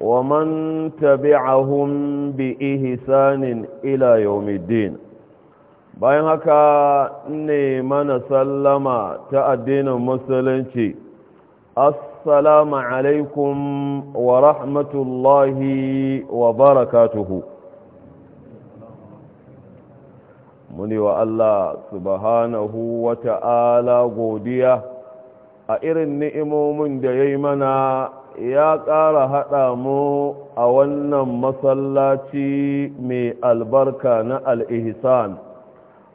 ومن تبعهم بإحسان إلى يوم الدين bayan haka ne mana sallama ta addinin musulunci assalamu alaikum wa rahmatullahi wa barakatuhu muni wa Allah subhanahu wa ta'ala godiya a irin ni'imomin da ya yi mana ya ƙara haɗa mu a wannan masallaci mai albarka na al'ihisan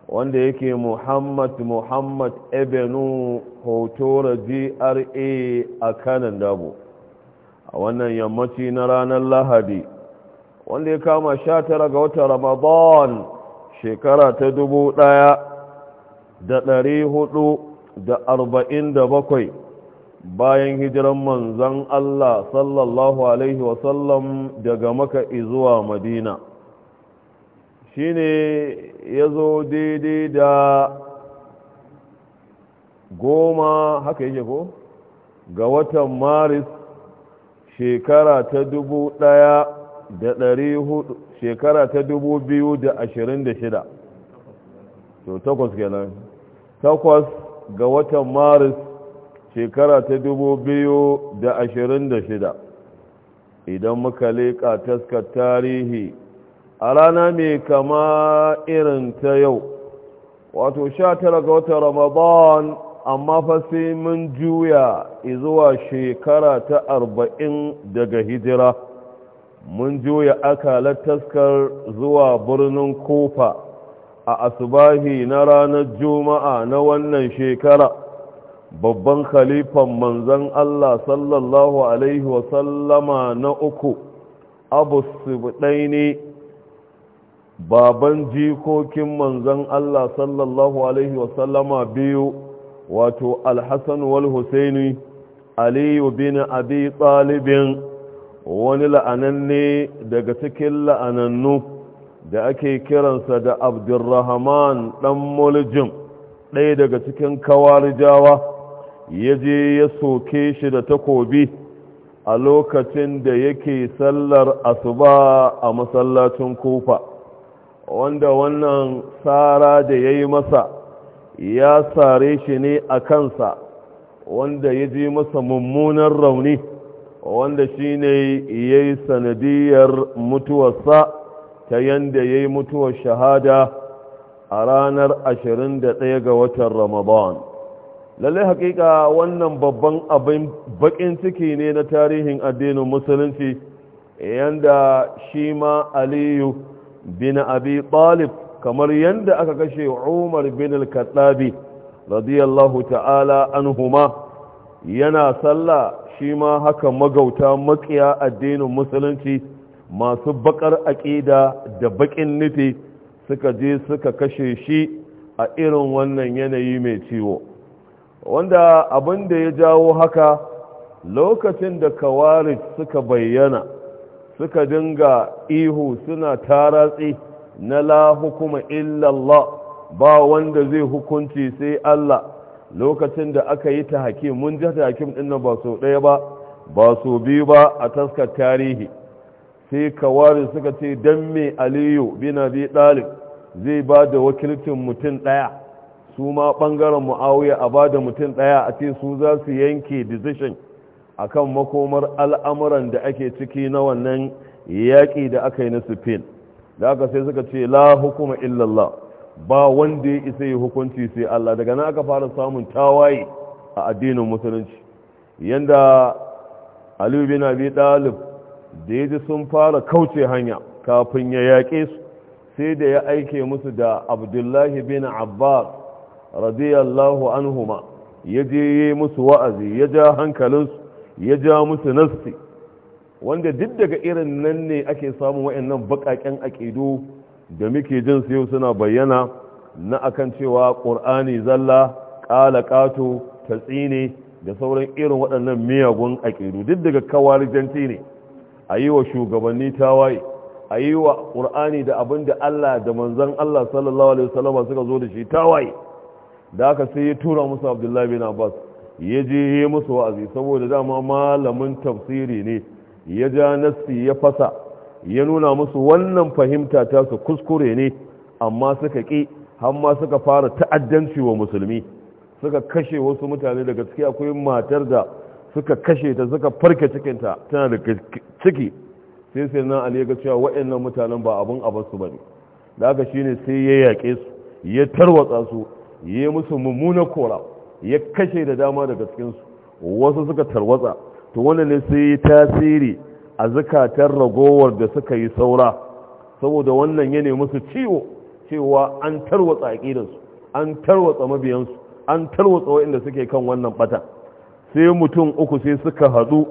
wanda yake muhammad muhammad ebenu hotora gra a kanan dabo a wannan yammaci na ranar lahadi wanda ya kama sha tara ga wata ramadan shekara ta dubu ɗaya da ɗari hudu da arba'in da bakwai bayan hijiran manzan Allah sallallahu Alaihi wasallam daga maka zuwa madina shi ne ya zo daidai da goma haka yake ko ga watan maris shekara ta dubu daya da dari hudu shekara ta dubu biyu da ashirin da shida to takwas kenan takwas ga watan maris shekara ta dubu biyu da ashirin da shida idan muka leƙa taskar tarihi a rana mai kama irin ta yau wato sha tara ga watan ramadan amma fa mun juya zuwa shekara ta arba'in daga hijira mun juya akalar taskar zuwa birnin kofa a asubahi na ranar juma'a na wannan shekara babban khalifan manzan Allah sallallahu Alaihi wasallama na uku abu subɗai ne baban jikokin manzan Allah sallallahu Alaihi wasallama biyu wato alhassan wal husaini aliyu bin abi ɗalibin wani la'ananne daga cikin la'anannu da ake kiransa da abdurrahman Dan muljim ɗaya daga cikin kawar jawa ya je ya soke shi da takobi a lokacin da yake sallar asuba a masallacin kufa wanda wannan tsara da ya yi masa ya sare shi ne a kansa wanda ya ji masa mummunan rauni wanda shi ne ya yi sanadiyar mutuwarsa ta yanda ya yi mutuwar shahada a ranar 21 ga watan ramadan lallai hakika wannan babban abin bakin ciki ne na tarihin addinin musulunci yanda shi ma aliyu bin abi talib kamar yanda aka kashe umar bin al-kattabi radiyallahu ta'ala anhuma yana sallah shi ma haka magauta makiya addinin musulunci masu bakar aƙida da bakin nufi suka je suka kashe shi a irin wannan yanayi mai ciwo wanda abin da ya jawo haka lokacin da kawarij suka bayyana suka dinga ihu suna taratsi na lahukuma illallah ba wanda zai hukunci sai Allah lokacin da aka yi ta hakim mun ji ta hakim ɗin ba so ɗaya ba ba so biyu ba a taskar tarihi sai kawarin suka ce don me aliyu bin abi ɗalib zai ba da wakilcin mutum ɗaya su ma ɓangaren mu'awiyar a ba da mutum ɗaya a ce su za su yanke decision a kan makomar al'amuran da ake ciki na wannan yaƙi da aka yi na spain da aka sai suka ce la hukuma illallah ba wanda ya isa yi hukunci sai allah daga na aka fara samun tawaye a addinin musulunci yanda aliyu bin abi ɗalib da ya ji sun fara kauce hanya kafin ya yaƙe su sai da ya aike musu da abdullahi bin abbas radiyallahu anhuma ya je yi musu wa'azi ya ja hankalinsu ya ja musu nasti wanda duk daga irin nan ne ake samun nan baƙaƙen aƙidu da muke jin yau suna bayyana na akan cewa ƙur'ani zalla ƙala ƙato tatsine da sauran irin waɗannan miyagun aƙidu duk daga janti ne a yi wa shugabanni tawaye a yi wa ƙur'ani da abin da allah da manzan allah sallallahu alaihi wasallama suka zo da shi tawaye da aka sai ya tura musu abdullahi bin abbas ya je ya yi musu wa'azi saboda dama malamin tafsiri ne ya ja nassi ya fasa ya nuna musu wannan fahimta ta su kuskure ne amma suka ƙi har ma suka fara ta'addanci wa musulmi suka kashe wasu mutane daga ciki akwai matar da suka kashe ta suka farke cikinta tana daga ciki sai sai na ali ga cewa waɗannan mutanen ba abin a ba bane da haka shine sai ya yaƙe su ya tarwatsa su ya yi musu mummunar kora ya kashe da dama daga cikinsu wasu suka tarwatsa to wannan ne su yi tasiri a zikatar ragowar da suka yi saura saboda wannan ya ne musu ciwo cewa an tarwatsa aƙidarsu an tarwatsa mabiyansu an tarwatsa waɗanda suke kan wannan bata sai mutum uku sai suka haɗu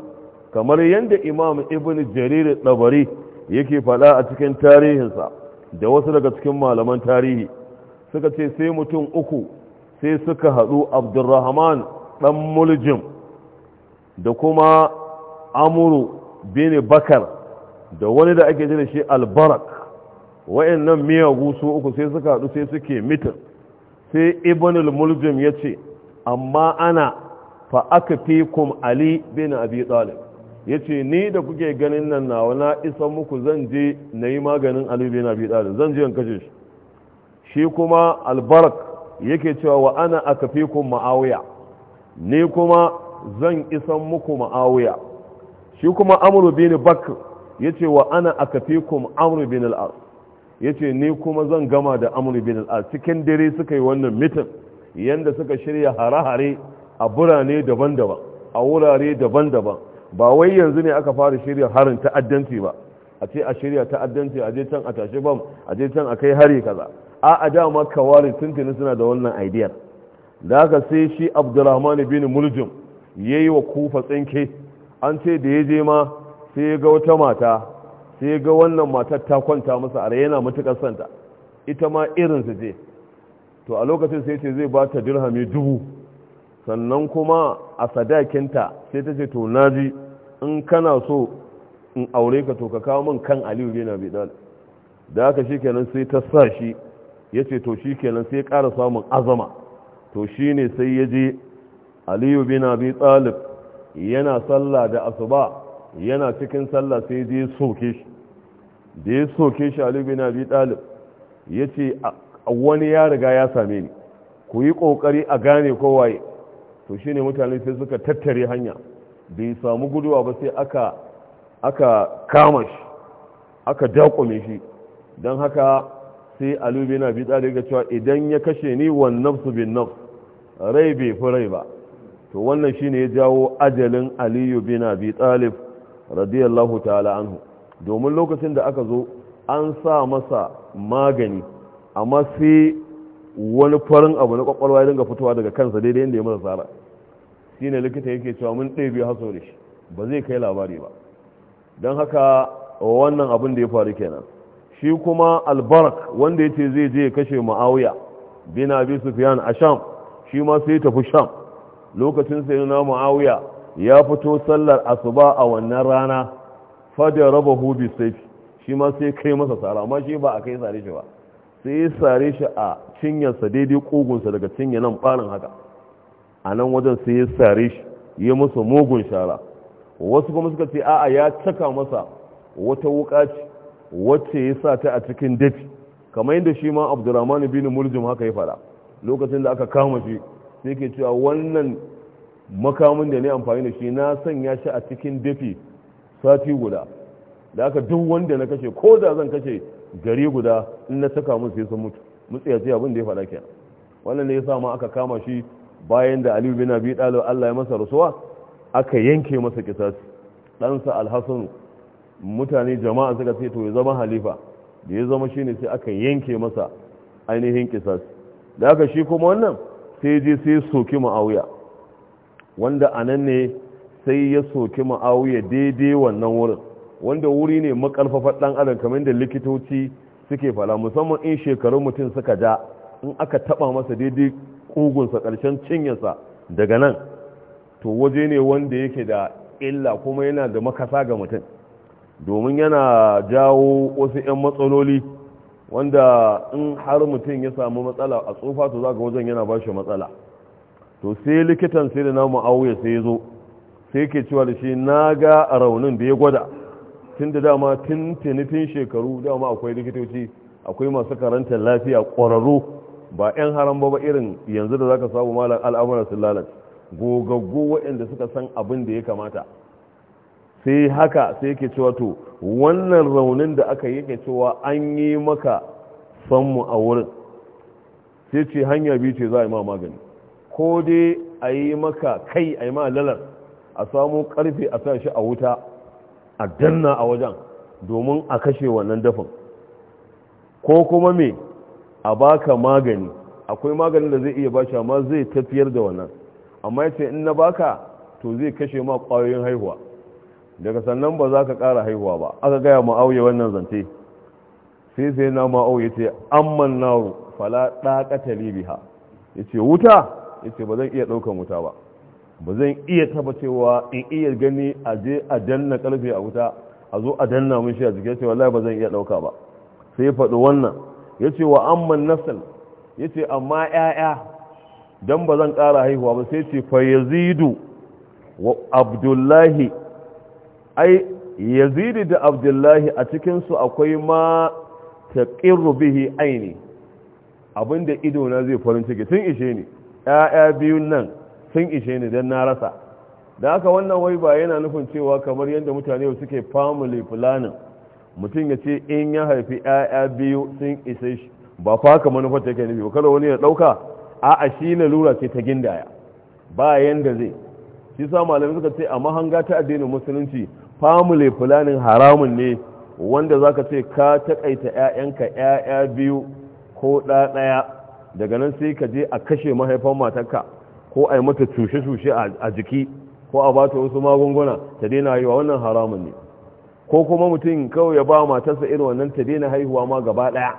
kamar yadda imam ibn jarir ɗabari yake faɗa a cikin tarihinsa da wasu daga cikin malaman tarihi suka ce sai mutum uku sai suka haɗu abdurrahman ɗan muljim da kuma amuru bin bakar da wani da ake jira shi albarak nan miyagu su uku sai suka haɗu sai suke mitin sai ibn muljim ya ce amma ana fa aka fi kum ali bin abi talib ya ce ni da kuke ganin nan nawa na isa muku zan je na yi maganin ali bin abi zan je in kashe shi shi kuma albarak yake cewa wa ana kun ma'awiya ni kuma zan isan muku ma'awiya shi kuma bak bin bakr ce wa ana kun amuru bin al'ar ya ce ni kuma zan gama da amuru bin al'ar cikin dare suka yi wannan mitin yadda suka shirya hare-hare a burane daban-daban a wurare daban-daban ba wai yanzu ne aka fara shirya harin ta'addanci ba a ce a shirya ta'addanci a je can a tashi bam a je can a kai hari kaza a a dama kawarin tuntuni suna da wannan idiyar. da aka sai shi Abdulrahman bin muljim ya yi wa kufa tsinke an ce da ya je ma sai ya ga wata mata sai ya ga wannan matar ta kwanta masa a yana matuƙar santa ita ma irin su je to a lokacin sai ce zai ba ta dirhami dubu sannan kuma a sadakinta sai ta ce to naji in kana so in aure ka to ka kawo min kan aliyu bin abi da shi kenan sai ta sa shi ya ce to shi kenan sai ya ƙara samun azama to shi ne sai ya je aliyu bin abi talib yana sallah da asuba yana cikin sallah sai je soke shi da ya soke shi aliyu bin abi talib ya ce wani ya riga ya same ni ku yi ƙoƙari a gane kowaye to shi ne mutane sai suka tattare hanya bai samu guduwa ba sai aka aka kama shi aka daƙume shi don haka sai alubi na bi tsari ga cewa idan ya kashe ni wan nafsu bin nafs rai bai fi rai ba to wannan shine ya jawo ajalin aliyu bin abi talib radiyallahu ta'ala anhu domin lokacin da aka zo an sa masa magani amma sai wani farin abu na kwakwalwa ya dinga fitowa daga kansa daidai inda ya masa tsara shine likita yake cewa mun ɗebe haso da shi ba zai kai labari ba don haka wannan abin da ya faru kenan shi kuma albarak wanda ya ce zai je kashe ma'awiya bin abi sufyan a sham shi ma sai tafi sham lokacin sai na ma'awiya ya fito sallar asuba a wannan rana fada raba hubi sai shi ma sai kai masa sara amma shi ba a kai sare shi ba sai ya sare shi a cinyarsa daidai kogunsa daga cinye nan farin haka a nan wajen sai ya sare shi ya masa mugun shara wasu kuma suka ce a'a ya caka masa wata wuka ce wacce ya sa ta a cikin dafi kamar yadda shi ma abdurrahman bin muljim haka ya fara lokacin da aka kama shi sai ke cewa wannan makamin da ne amfani da shi na sanya shi a cikin dafi sati guda da aka duk wanda na kashe ko da zan kashe gari guda in na saka musu sai sun mutu ce abin da ya faɗa kenan wannan ne yasa ma aka kama shi bayan da Aliyu bin Abi dalil Allah ya masa rasuwa aka yanke masa kisasi ɗansa al mutane jama'a suka ce to ya zama halifa da ya zama shine sai aka yanke masa ainihin kisas da aka shi kuma wannan sai je sai soki ma'auya wanda a nan ne sai ya soki ma'auya daidai wannan wurin wanda wuri ne makarfafa ɗan adam kamar da likitoci suke fala musamman in shekarun mutum suka ja in aka taɓa masa daidai kugunsa ƙarshen cinyarsa daga nan to waje ne wanda yake da illa kuma yana da makasa ga mutum domin yana jawo wasu 'yan matsaloli wanda in har mutum ya samu matsala a tsofa to za ga wajen yana ba shi matsala to sai likitan sai da namu auya sai ya zo sai ke cewa da shi na ga a raunin da ya gwada tun da dama tun tinitin shekaru dama akwai likitoci akwai masu karanta lafiya ƙwararru ba 'yan haram ba irin yanzu da za ka samu malar al'amuran sun lalace gogaggo waɗanda suka san abin da ya kamata sai haka sai yake cewa to wannan raunin da aka yake cewa an yi maka sanmu a wurin sai ce hanya biyu ce za a yi ma magani ko dai a yi maka kai a yi ma lalar a samu karfe a sa shi a wuta a danna a wajen domin a kashe wannan dafin ko kuma me a baka magani akwai magani da zai iya bashi amma zai tafiyar da wannan amma yace in na baka to zai kashe ma kwayoyin haihuwa daga sannan ba za ka ƙara haihuwa ba aka gaya ma'auye wannan zance sai sai na ma'auye ce amman na fala ɗaƙata libiha ya ce wuta ya ce ba zan iya ɗaukan wuta ba ba zan iya taba cewa in iya gani a je a danna ƙarfe a wuta a zo a danna mun shi a jikin cewa lai ba zan iya ɗauka ba sai ya faɗi wannan ya ce wa amman nasal ya ce amma 'ya'ya don ba zan ƙara haihuwa ba sai ce fa yazidu wa abdullahi ai yazidu da abdullahi a cikin su akwai ma taqirru bihi aini abinda ido na zai farin ciki sun ishe ni ƴaƴa biyun nan sun ishe ni dan na rasa da haka wannan wai ba yana nufin cewa kamar yadda mutane suke family planning mutum ya ce in ya haifi 'ya'ya biyu sun isa shi ba fa haka manufar take nufi kada wani ya ɗauka a a shi lura ce ta gindaya ba yanda zai shi sa malamai suka ce a mahanga ta addinin musulunci famule fulanin haramun ne wanda za ka ce ka takaita 'ya'yanka 'ya'ya biyu ko ɗaya daga nan sai ka je a kashe mahaifan matarka ko a yi mata cushe-cushe a jiki ko a ba ta wasu magunguna ta daina haihuwa wannan haramun ne ko kuma mutum kawai ya ba matarsa irin wannan ta daina haihuwa ma gaba ɗaya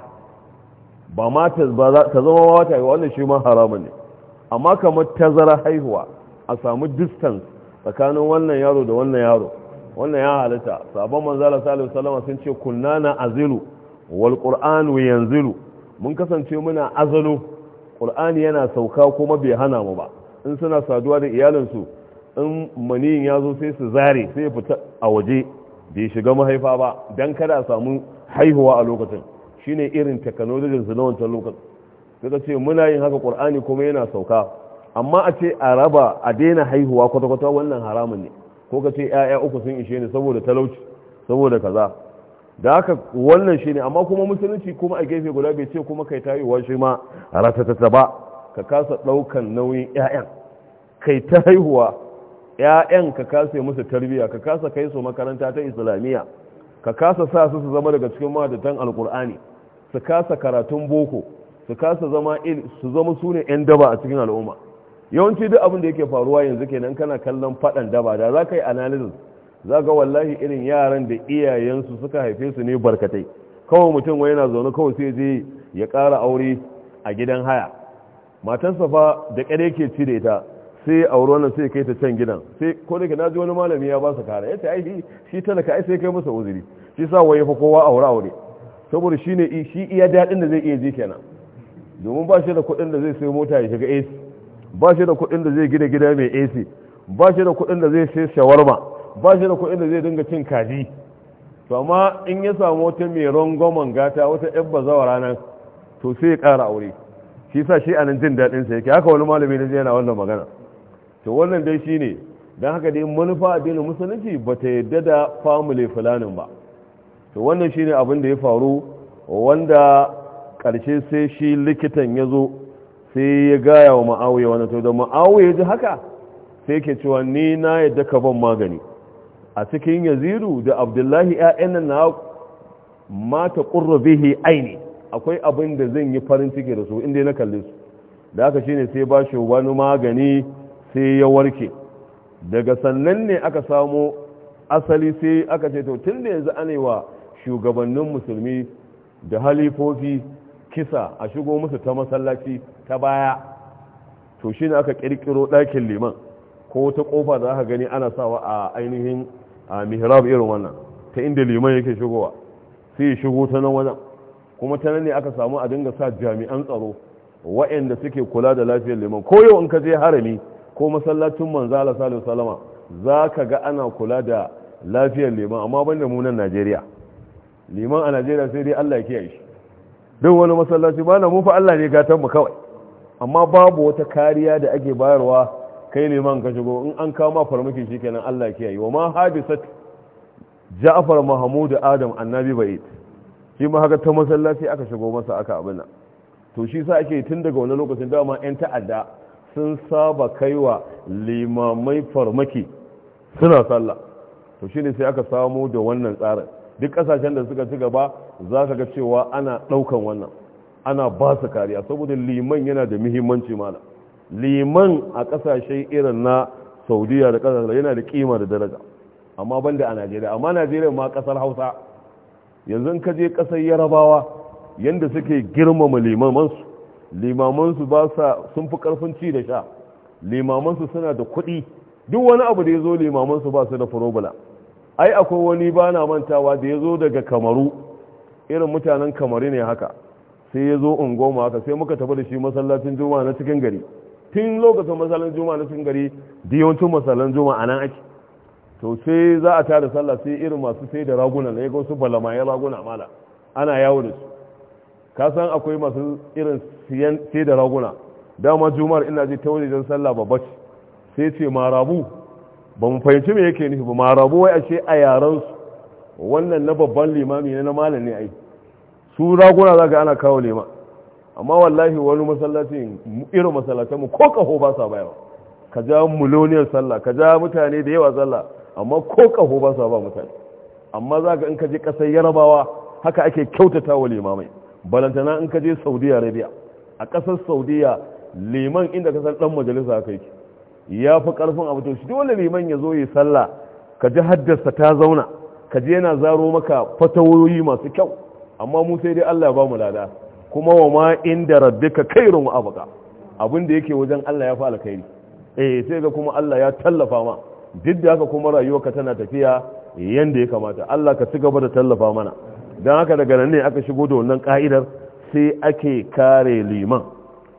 ba ma ta zama ma wata haihuwa wannan shi ma haramun ne amma kamar tazara haihuwa a samu distance tsakanin wannan yaro da wannan yaro wannan ya halitta sabon manzala salim salama sun ce kunna na azilu wal qur'anu yanzilu mun kasance muna azalo qur'ani yana sauka kuma bai hana mu ba in suna saduwa da iyalinsu in maniyin ya zo sai su zare sai fita a waje bai shiga mahaifa ba dan kada a samu haihuwa a lokacin shine irin technology su na wancan lokacin suka ce muna yin haka qur'ani kuma yana sauka amma a ce a raba a daina haihuwa kwata-kwata wannan haramun ne ko ka ce 'ya'ya uku sun ishe ni saboda talauci saboda kaza da haka wannan shi ne amma kuma musulunci kuma a gefe guda bai ce kuma kai ta haihuwa shi ma a ratatata ba ka kasa ɗaukan nauyin 'ya'yan kai ta haihuwa 'ya'yan ka kasa musu tarbiyya ka kasa kai su makaranta ta islamiyya ka kasa sa su su zama daga cikin mahadatan alkur'ani su kasa karatun boko su kasa zama su zama su ne 'yan daba a cikin al'umma yawanci duk abin da yake faruwa yanzu kenan kana kallon faɗan daba da za ka yi analysis za ga wallahi irin yaran da iyayensu suka haife su ne barkatai kawai mutum wani yana zaune kawai sai je ya ƙara aure a gidan haya matansa fa da ƙare ke ci da ita sai auro nan sai kai ta can gidan sai ko da na ji wani malami ya ba su kara ya ce ai shi talaka ai sai kai masa uzuri shi sa waye fa kowa aure aure saboda shine shi iya daɗin da zai iya ji kenan domin ba shi da kuɗin da zai sayo mota ya shiga ace ba shi da kuɗin da zai gina gida mai AC ba shi da kuɗin da zai sai shawarma ba shi da kuɗin da zai dinga cin kaji to amma in ya samu wata mai rangwamen gata wata yan bazawa ranar to sai ya ƙara aure shi sa shi a nan jin daɗin sa yake haka wani malami na yana wannan magana to wannan dai shine dan haka dai manufa addinin musulunci ba ta yadda da family fulanin ba to wannan shine abin da ya faru wanda karshe sai shi likitan ya zo sai ya gaya wa ma'awuyi wani to da ma'awuyi ya ji haka sai ke cewa ni na yadda ka ban magani a cikin yaziru da abdullahi ya'yan na mata ƙurra bihi aini akwai abin da zan yi farin ciki da su inda na kalli su da haka shine sai ba shi wani magani sai ya warke daga sannan ne aka samo asali sai aka ce to tun da yanzu ana wa shugabannin musulmi da halifofi kisa a shigo musu ta masallaci ta baya to shi ne aka kirkiro ɗakin liman ko wata ƙofa za ka gani ana sawa a ainihin a mihrab irin wannan ta inda liman yake shigowa sai ya shigo ta nan wajen kuma ta nan ne aka samu a dinga sa jami'an tsaro waɗanda suke kula da lafiyar liman ko yau in ka je harami ko masallacin manzo Allah sallallahu alaihi za zaka ga ana kula da lafiyar liman amma banda mu nan Najeriya liman a Najeriya sai dai Allah ya kiyaye shi duk wani masallaci ba mu fa Allah ne gatan kawai amma babu wata kariya da ake bayarwa kai ne man ka shigo in an kama farmaki shikenan Allah ke yi wa ma hadisat Ja'far Mahmud Adam annabi bai shi ma haka ta masallaci aka shigo masa aka abin to shi sa ake tun daga wani lokacin da ma yan ta'adda sun saba kaiwa limamai farmaki suna sallah to shine sai aka samu da wannan tsarin duk kasashen da suka ci gaba za ka ga cewa ana ɗaukan wannan ana ba su kariya saboda liman yana da muhimmanci mana liman a ƙasashe irin na saudiya da ƙasashe yana da ƙima da daraja amma ban da a najeriya amma najeriya ma ƙasar hausa yanzu ka je ƙasar yarabawa yadda suke girmama limamansu limamansu ba sa sun fi ƙarfin ci da sha limamansu suna da kuɗi duk wani abu da ya zo limamansu ba su da furobula ai akwai wani ba na mantawa da ya zo daga kamaru irin mutanen kamari ne haka sai ya zo ungoma haka sai muka tafi da shi masallacin juma'a na cikin gari tun lokacin masallacin juma'a na cikin gari da yawancin masallacin juma'a nan ake to sai za a tada sallah sai irin masu sai da raguna na yago su balama ya raguna mala ana yawo da su ka san akwai masu irin siyan sai da raguna dama juma'ar ina je ta wajen sallah babba ce sai ce marabu ba mu fahimci me yake nufi ba marabu wai ce a yaran su wannan na babban limami ne na malam ne ai su raguna za ka ana kawo lema amma wallahi wani masallacin irin masallatanmu ko kaho ba sa bayawa ka ja miloniyar sallah ka ja mutane da yawa sallah amma ko kaho ba sa ba mutane amma za ka in ka je ƙasar yarabawa haka ake kyautata wa limamai balantana in ka je saudi arabia a ƙasar saudiya liman inda ka san ɗan majalisa haka yake ya fi ƙarfin abu to shi dole liman ya zo yi sallah ka ji haddasa ta zauna ka ji yana zaro maka fatawoyi masu kyau amma mu sai dai Allah ya ba mu lada kuma wa ma inda rabbika khairun wa abqa abin da yake wajen Allah ya fi alkhairi eh sai ga kuma Allah ya tallafa ma duk da haka kuma rayuwarka tana tafiya yanda ya kamata Allah ka ci gaba da tallafa mana dan haka daga nan ne aka shigo da wannan ka'idar sai ake kare liman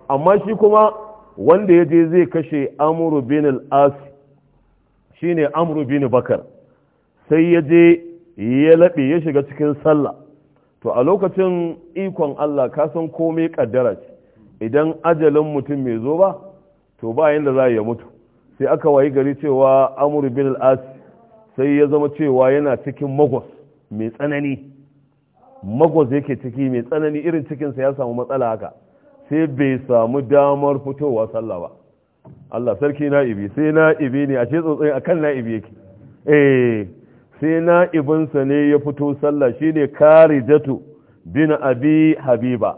amma shi kuma wanda ya je zai kashe amuru bin al-as shine amru bin bakar sai ya je ya laɓe ya shiga cikin sallah to a lokacin ikon Allah ka san komai kaddara ce idan ajalin mutum mai zo ba to ba yanda za ya mutu sai aka wayi gari cewa amur bin al sai ya zama cewa yana cikin magos mai tsanani magos yake ciki mai tsanani irin cikinsa ya samu matsala haka sai bai samu damar fitowa sallah ba Allah sarki na'ibi sai na'ibi ne a ce tsotsayin akan na'ibi yake eh sai na'ibinsa ne ya fito sallah shi ne jatu bin abi habiba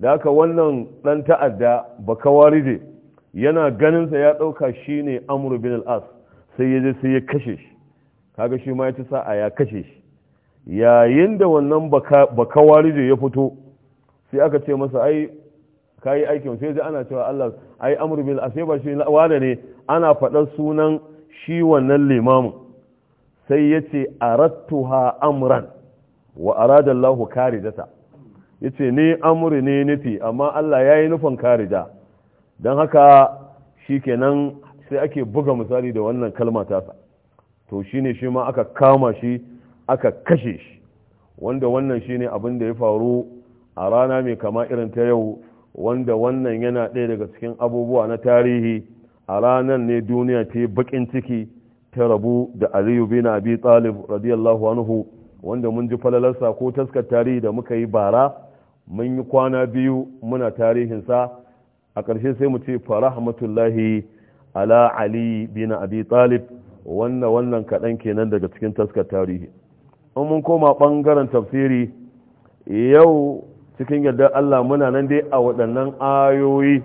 da aka wannan ɗan ta'adda bakawarije yana ganinsa ya ɗauka shi ne amur bin al'as sai ya je sai ya kashe shi kaga shi ma ya ci sa'a ya kashe shi yayin da wannan bakawarije ya fito sai aka ce masa ai ka yi aikin sai ji ana cewa Allah ai amur bin al'as sai ba shi wane ne ana faɗar sunan shi wannan limamin sai ya ce arattuha amran wa arada Allahu karijata yace ni amri ne nufi amma Allah yayi nufin karija don haka shi shikenan sai ake buga misali da wannan kalma tasa to shine shi ma aka kama shi aka kashe shi wanda wannan shine abin da ya faru a rana mai kama irin ta yau wanda wannan yana ɗaya daga cikin abubuwa na tarihi a ranar ne duniya ta bakin ciki ta rabu da aliyu bin abi talib radiyallahu anhu wanda mun ji falalarsa ko taskar tarihi da muka yi bara mun yi kwana biyu muna tarihinsa a ƙarshe sai mu ce farahmatullahi ala ali bin abi talib wannan wannan kaɗan kenan daga cikin taskar tarihi in mun koma ɓangaren tafsiri yau cikin yadda allah muna nan dai a waɗannan ayoyi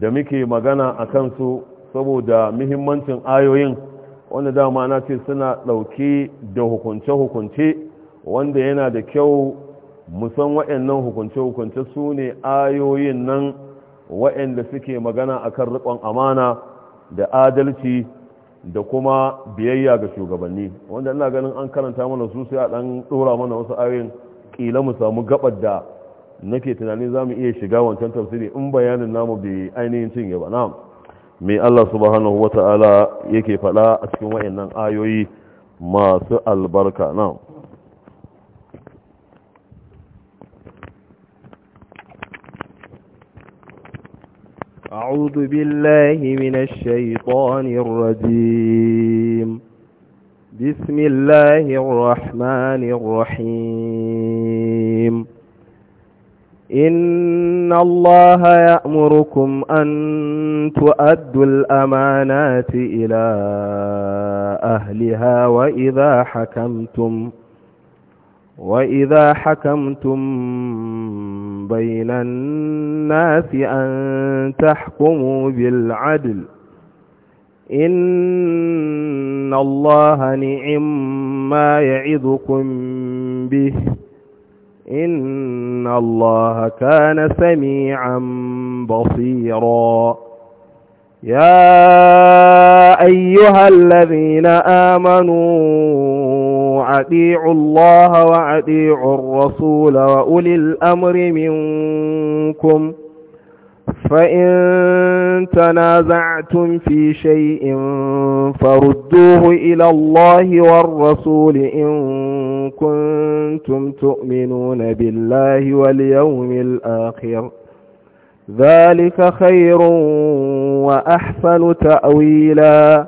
da muke magana a kansu saboda muhimmancin ayoyin wanda dama na ce suna ɗauke da hukunce-hukunce wanda yana da kyau musan waɗannan hukunce-hukunce su ne ayoyin nan waɗanda suke magana akan riƙon amana da adalci da kuma biyayya ga shugabanni wanda ina ganin an karanta mana su sai a ɗan ɗora mana wasu ayoyin ƙila mu samu gabar da nake tunanin za mu iya shiga wancan tafsiri in bayanin namu bai ainihin cinye ba na'am me Allah subhanahu wa ta'ala yake faɗa a cikin wa'annan ayoyi masu albarka na أعوذ بالله من الشيطان الرجيم بسم الله الرحمن الرحيم إن الله يأمركم أن تؤدوا الأمانات إلى أهلها وإذا حكمتم وإذا حكمتم بين الناس أن تحكموا بالعدل إن الله نعم ما يعظكم به إن الله كان سميعا بصيرا يا أيها الذين آمنوا أطيعوا الله وأطيعوا الرسول وأولي الأمر منكم فإن تنازعتم في شيء فردوه إلى الله والرسول إن كنتم تؤمنون بالله واليوم الآخر ذلك خير وأحسن تأويلاً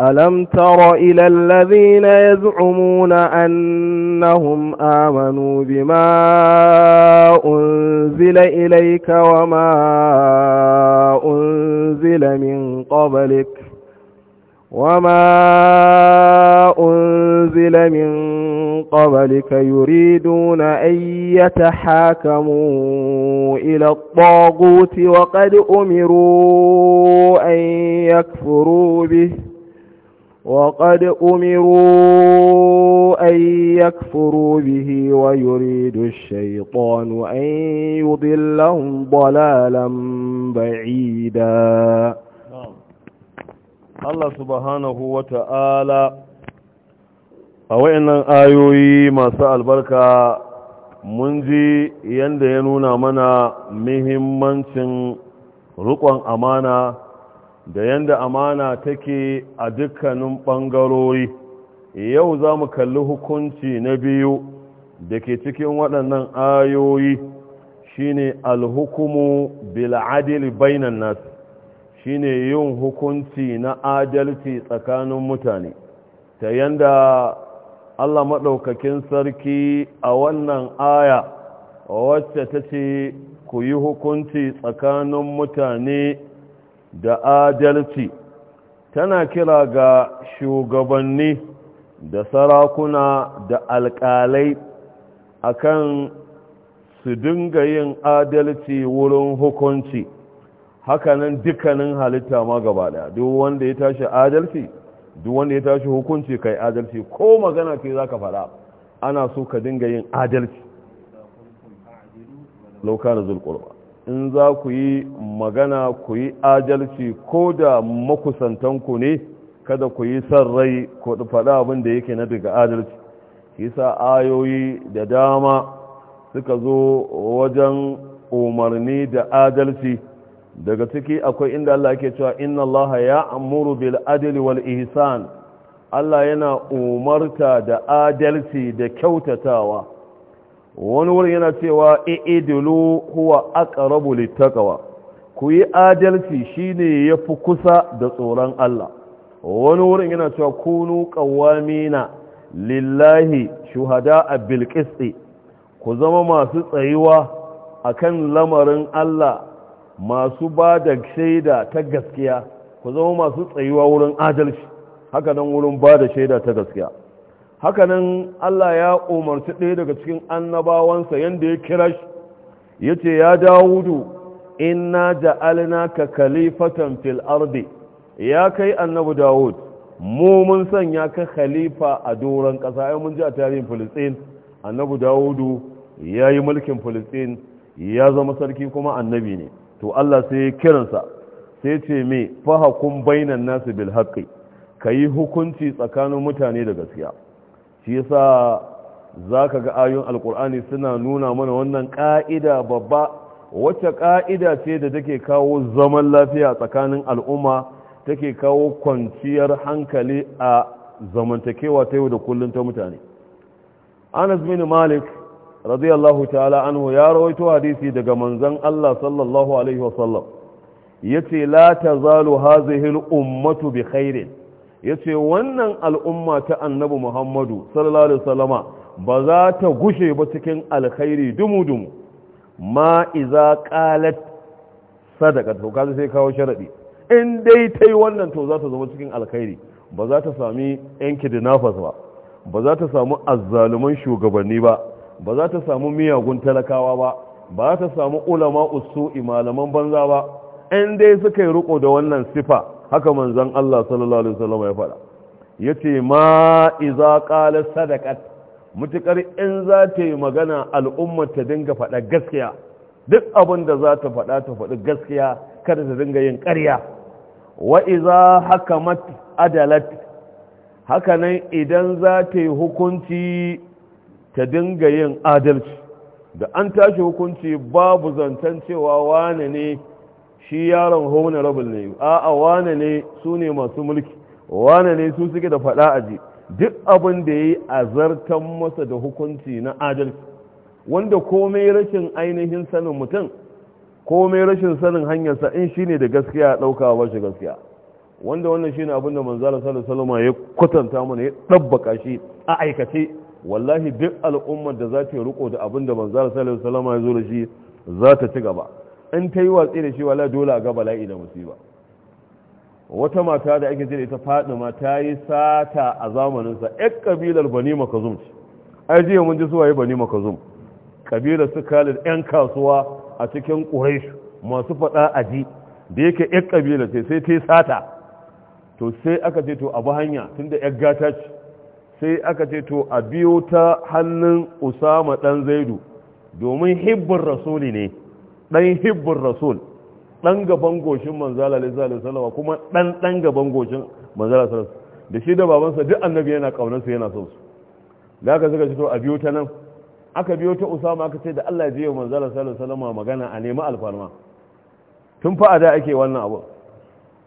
ألم تر إلى الذين يزعمون أنهم آمنوا بما أنزل إليك وما أنزل من قبلك وما أنزل من قبلك يريدون أن يتحاكموا إلى الطاغوت وقد أمروا أن يكفروا به وقد أمروا أن يكفروا به ويريد الشيطان أن يضلهم ضلالا بعيدا Allah subhanahu wa ta'ala a wayannan ayoyi masu albarka mun ji yadda ya nuna mana muhimmancin rukon amana da yanda amana take a dukkanin ɓangarori yau za mu kalli hukunci na biyu da ke cikin waɗannan ayoyi shine alhukumu bil'adil bainan shi shine yin hukunci na adalci tsakanin mutane ta yanda Allah maɗaukakin sarki a wannan aya wacce ta ce ku yi hukunci tsakanin mutane da adalci tana kira ga shugabanni da sarakuna da alƙalai akan su dinga yin adalci wurin hukunci hakanan dukkanin halitta ma gaba daya duk wanda ya tashi adalci duk wanda ya tashi hukunci kai adalci ko magana za ka fara ana so ka dinga yin adalci laukar zulqurba in za ku yi magana ku yi ajalci ko da makusantanku ne kada ku yi son rai ko da faɗa abin da yake na daga adalci kisa ayoyi da dama suka zo wajen umarni da adalci daga ciki akwai inda Allah ke cewa inna Allah ya amuru bil adli wal ihsan Allah yana umarta da adalci da kyautatawa wani wurin yana cewa i'idulu aka rabu littaqwa ku yi adalci shine fi kusa da tsoron Allah wani wurin yana cewa kunu qawamina lillahi Shuhada a qisti ku zama masu tsayuwa akan lamarin Allah masu ba da shaida ta gaskiya ku zama masu tsayuwa wurin adalci haka nan wurin ba da shaida ta gaskiya hakanan Allah ya umarci ɗaya daga cikin annabawansa yadda ya kira shi ya ce ya dawudu inna ja'alina ka khalifatan fil ardi ya kai Annabu dawud mu mun sanya ka khalifa a doron ƙasa ai mun ji a tarihin filistin Annabu dawudu ya yi mulkin filistin ya zama sarki kuma annabi ne to Allah sai ya kiransa sai ce me fahakun bainan nasu bil haqqi ka yi hukunci tsakanin mutane da gaskiya shi yasa za ka ga ayon alkur'ani suna nuna mana wannan ƙa'ida babba wacce ƙa'ida ce da take kawo zaman lafiya tsakanin al'umma take kawo kwanciyar hankali a zamantakewa ta yau da kullum ta mutane anas bin malik radiyallahu ta'ala anhu ya rawaito hadisi daga manzon Allah sallallahu alaihi wasallam yace la tazalu hadhihi al ummatu bi khairin ya ce wannan al'umma ta annabi muhammadu sallallahu alaihi wasallama ba za ta gushe ba cikin alkhairi dumu-dumu ma iza qalat sadaka to kaza sai kawo sharaɗi in dai ta yi wannan to za ta zama cikin alkhairi ba za ta sami yanki da nafas ba ba za ta samu azzaluman shugabanni ba ba za ta samu miyagun talakawa ba ba za ta samu ulama usu malaman banza ba in dai suka yi riko da wannan sifa haka manzon Allah sallallahu alaihi wasallam ya faɗa yace ma iza qala sadaqat mutukar in za ta yi magana al'umma ta dinga faɗa gaskiya duk abin da za ta faɗa ta faɗi gaskiya kada ta dinga yin ƙarya wa iza hakamat adalat hakanan idan za ta yi hukunci ta dinga yin adalci da an tashi hukunci babu zancen cewa wane ne shi yaron rabin ne a'a wane ne su ne masu mulki wane ne su suke da faɗa a ji duk abin da ya yi a zartan masa da hukunci na adalci wanda komai rashin ainihin sanin mutum komai rashin sanin hanyarsa in shi ne da gaskiya ɗauka ba shi gaskiya wanda wannan shi ne abin da manzala salama ya kwatanta mana ya ɗabbaka shi a aikace wallahi duk al'ummar da za ta riko da abin da manzala salama ya zo da shi za ta ci gaba in ta yi watsi da shi wala dole a ga bala'i da musiba wata mata da ake jira ita ma ta yi sata a zamaninsa yan kabilar bani makazum ce ai jiya mun ji suwaye bani makazum kabilar su kalin yan kasuwa a cikin quraish masu faɗa aji da yake yan kabilar ce sai ta yi sata to sai aka ce to abu hanya tunda yan gata ce sai aka ce to a biyo ta hannun usama ɗan zaidu domin hibbin rasuli ne dan hibbur rasul dan gaban goshin manzala alaihi wasallam kuma dan dan gaban goshin manzala sallallahu da shi da babansa duk annabi yana kaunar su yana son su da aka suka ce to a biyo ta nan aka biyo ta usama aka ce da Allah ya wa manzala sallallahu alaihi wasallam magana a nemi alfarma tun fa da ake wannan abu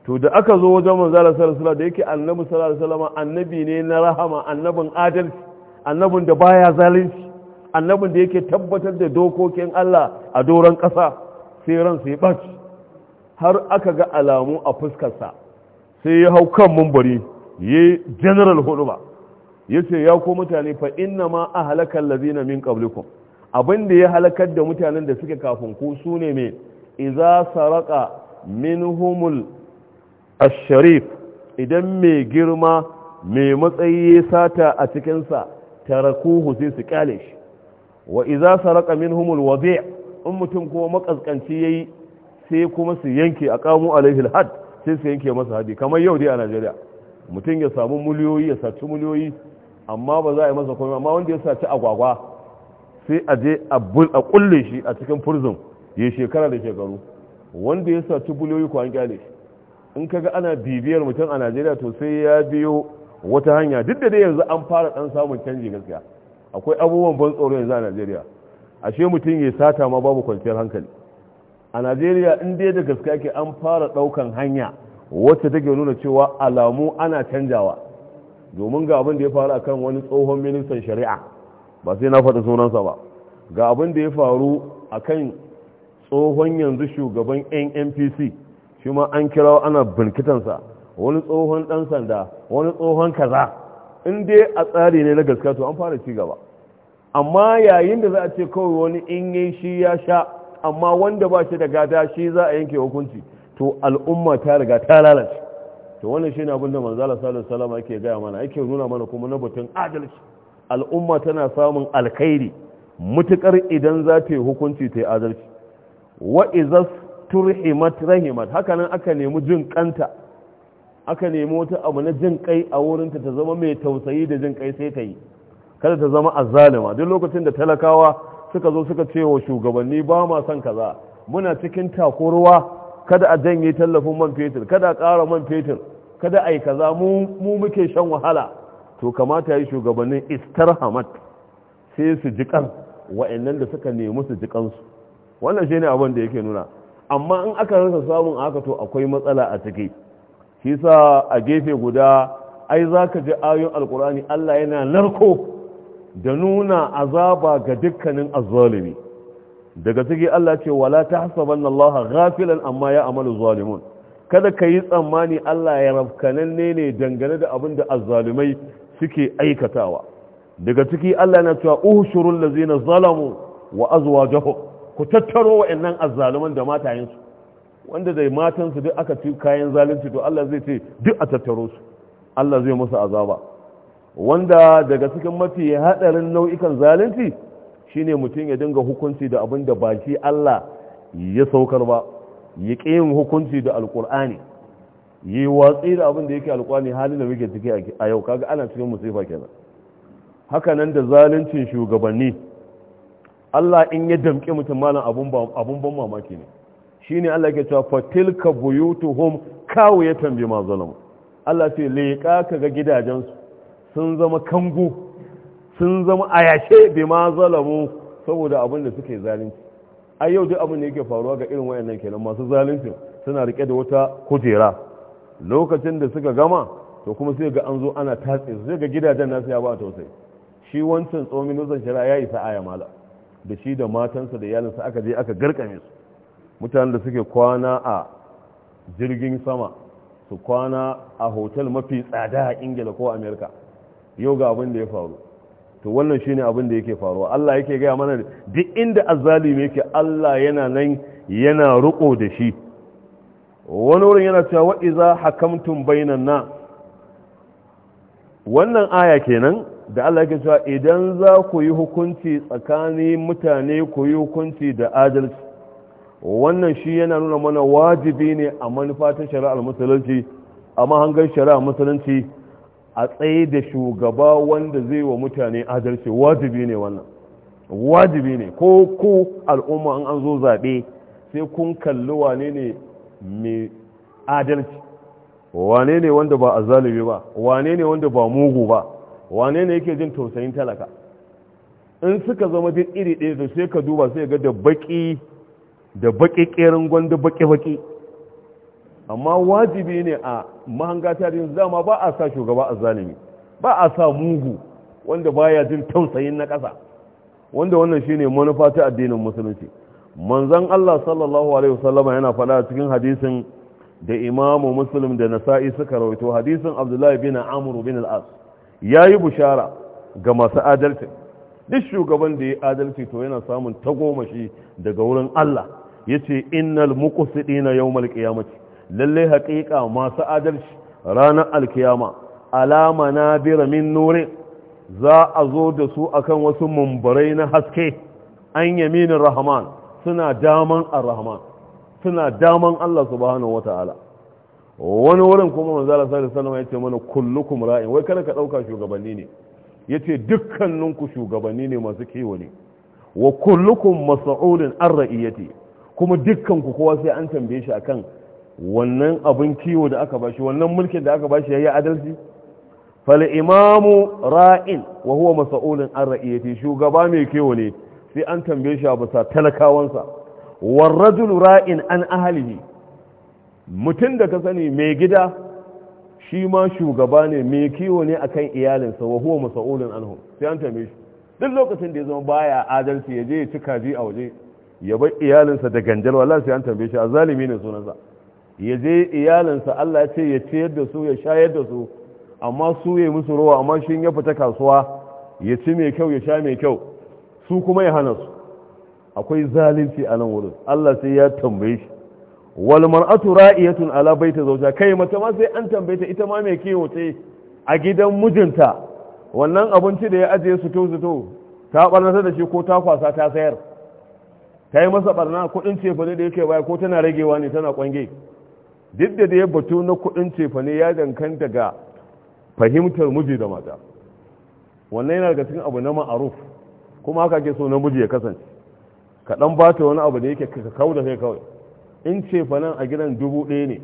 to da aka zo wajen manzala sallallahu alaihi wasallam da yake annabi sallallahu alaihi wasallam annabi ne na rahama annabin adalci annabin da baya zalunci annabin da yake tabbatar da dokokin Allah a doron ƙasa sai ransa ya ɓaci har aka ga alamu a fuskarsa sai ya hau kan mumbari ya general huduba ya ce ya ko mutane fa inna ma a halakar lazina min ƙablikun abin da ya halakar da mutanen da suke kafin ku su ne mai iza saraka minhumul asharif idan mai girma mai matsayi sata a cikinsa tarakuhu sai su kyale shi wa iza saraka minhumul wadi' in mutum kuma makaskanci yayi sai kuma su yanke a kamu alaihi alhad sai su yanke masa hadi kamar yau dai a Najeriya mutum ya samu miliyoyi ya saci miliyoyi amma ba za a yi masa komai amma wanda ya saci agwagwa sai a je a kulle shi a cikin prison ya shekara da shekaru wanda ya saci miliyoyi ko an kyale shi in kaga ana bibiyar mutum a Najeriya to sai ya biyo wata hanya duk da dai yanzu an fara dan samun canji gaskiya akwai abubuwan ban tsoro yanzu a najeriya ashe mutum ya sata ma babu kwanciyar hankali a najeriya in dai da gaske ake an fara daukan hanya wacce take nuna cewa alamu ana canjawa domin ga abin da ya faru akan wani tsohon ministan shari'a ba sai na faɗa sunansa ba ga abin da ya faru akan tsohon yanzu shugaban nnpc shi ma an kira ana binkitansa wani tsohon ɗan sanda wani tsohon kaza in dai a tsari ne na gaska to an fara ci gaba amma yayin da za a ce kawai wani in yi shi ya sha amma wanda ba shi da gada shi za a yanke hukunci to al'umma ta riga ta lalace to wannan ne abin da manzala sallallahu alaihi wasallam gaya mana yake nuna mana kuma na batun adalci al'umma tana samun alkhairi mutukar idan za ta yi hukunci ta yi adalci wa iza turhimat rahimat hakanan aka nemi jin kanta aka nemi wata abu na jin kai a wurinta ta zama mai tausayi da jin kai sai ta yi kada ta zama azzalima duk lokacin da talakawa suka zo suka ce wa shugabanni ba ma son kaza muna cikin takurwa kada a janye tallafin man fetur kada a ƙara man fetur kada a yi kaza mu muke shan wahala to kamata ya yi shugabannin istar hamad sai su jikan wa'annan da suka nemi su jikansu wannan shi ne abin da yake nuna amma in aka rasa samun haka to akwai matsala a ciki shi sa a gefe guda ai za ka ji ayoyin alkurani allah yana narko da nuna azaba ga dukkanin azzalimi daga ciki Allah ce wala tahsabanna Allah ghafilan amma ya amalu zalimun kada ka yi tsammani Allah ya rafkananne ne dangane da abin da azzalimai suke aikatawa daga ciki Allah na cewa uhushurul ladzina zalamu wa azwajuhum ku tattaro wa'annan azzaluman da matayensu wanda da matansu duk aka ci kayan zalunci to Allah zai ce duk a tattaro su Allah zai musu azaba wanda daga cikin mafi haɗarin nau'ikan zalunci shine mutum ya dinga hukunci da abin da ba shi Allah ya saukar ba ya yin hukunci da alkurani yi watsi da abin da yake alƙur'ani halin da muke ciki a yau kaga ana cikin musifa kenan haka nan da zaluncin shugabanni Allah in ya damƙe mutum malam abun ban mamaki ne shine Allah ke cewa fatilka buyutuhum kawiyatan bima zalamu Allah ce leƙa ka ga gidajensu sun zama kango sun zama ayashe bai ma zalamu saboda abin da suke zalunci ai yau duk abin da yake faruwa ga irin wayannan kenan masu zalunci suna rike da wata kujera lokacin da suka gama to kuma sai ga an zo ana tatse su sai ga gidajen nasu ya ba tausayi shi wancan tsomi ministan shari'a ya isa aya mala da shi da matansa da iyalinsa aka je aka garkame su mutanen da suke kwana a jirgin sama su kwana a hotel mafi tsada a ingila ko amerika yau ga abin da ya faru to wannan shine abin da yake faruwa Allah yake gaya mana duk inda azzalimi yake Allah yana nan yana ruko da shi wani wurin yana cewa wa iza hakamtum bainan na wannan aya kenan da Allah yake cewa idan za ku yi hukunci tsakanin mutane ku yi hukunci da adalci wannan shi yana nuna mana wajibi ne a manufa ta shari'ar musulunci amma hangar shari'ar musulunci a tsaye da shugaba wanda zai wa mutane adalci wajibi ne wannan wajibi ne ko ku al'umma an an zo zaɓe sai kun kalli wane ne mai adalci wane ne wanda ba a zalibi ba wane ne wanda ba mugu ba wane ne yake jin tausayin talaka in suka zama duk iri ɗaya da sai ka duba sai ga da baƙi da baƙi ƙerin gwanda baƙi-baƙi amma wajibi ne a mahanga tarihin ba a sa shugaba a zalimi ba a sa mugu wanda baya jin tausayin na ƙasa wanda wannan shi ne manufa ta addinin musulunci manzan Allah sallallahu alaihi wasallama yana faɗa cikin hadisin da imamu musulun da nasa'i suka rawaito hadisin abdullahi bin amuru bin al ya yi bushara ga masu adalci duk shugaban da ya adalci to yana samun tagomashi daga wurin Allah ya yace innal ɗina yau malƙiyamaci lalle haƙiƙa masu adalci ranar alkiyama alama na biramin nure za a zo da su akan wasu mumbarai na haske an yaminin rahman suna daman ar-rahman suna daman Allah subhanahu wata'ala wani wurin kuma manzala sallallahu alaihi wasallam yace mana kullukum ra'in wai kada ka dauka shugabanni ne yace dukkaninku shugabanni ne masu kiwo ne wa kullukum mas'ulun an ra'iyati kuma dukkanku kowa sai an tambaye shi akan wannan abin kiwo da aka bashi wannan mulkin da aka bashi yayi adalci fal imamu ra'in wa huwa mas'ulun an ra'iyati shugaba mai kiwo ne sai an tambaye shi abu sa talakawansa war rajul ra'in an ahlihi mutum da ka sani mai gida shi ma shugaba ne mai kiwo ne akan iyalinsa wa huwa mas'ulun anhum sai an tambaye shi duk lokacin da ya zama baya adalci ya je ya ci kaji a waje ya bar iyalinsa da ganjal wallahi sai an tambaye shi a zalimi ne sunansa ya je iyalinsa Allah ya ce ya ciyar da su ya shayar da su amma su ya musu ruwa amma shi ya fita kasuwa ya ci mai kyau ya sha mai kyau su kuma ya hana su akwai zalunci a nan wurin Allah sai ya tambaye shi wal mar'atu ra'iyatun ala baiti zawja kai mace ma sai an tambaye ta ita ma mai kiwo ce a gidan mijinta wannan abinci da ya ajiye su to su to ta barnata da shi ko ta kwasa ta sayar ta yi masa barna kudin cefane da yake baya ko tana ragewa ne tana kwange duk da ya batu na kudin cefane ya dankanta ga fahimtar miji da mata wannan yana daga cikin abu na ma'aruf kuma haka ke so na miji ya kasance kaɗan dan ba ta wani abu da yake ka kawo da kai kawai in cefanen a gidan dubu ɗaya ne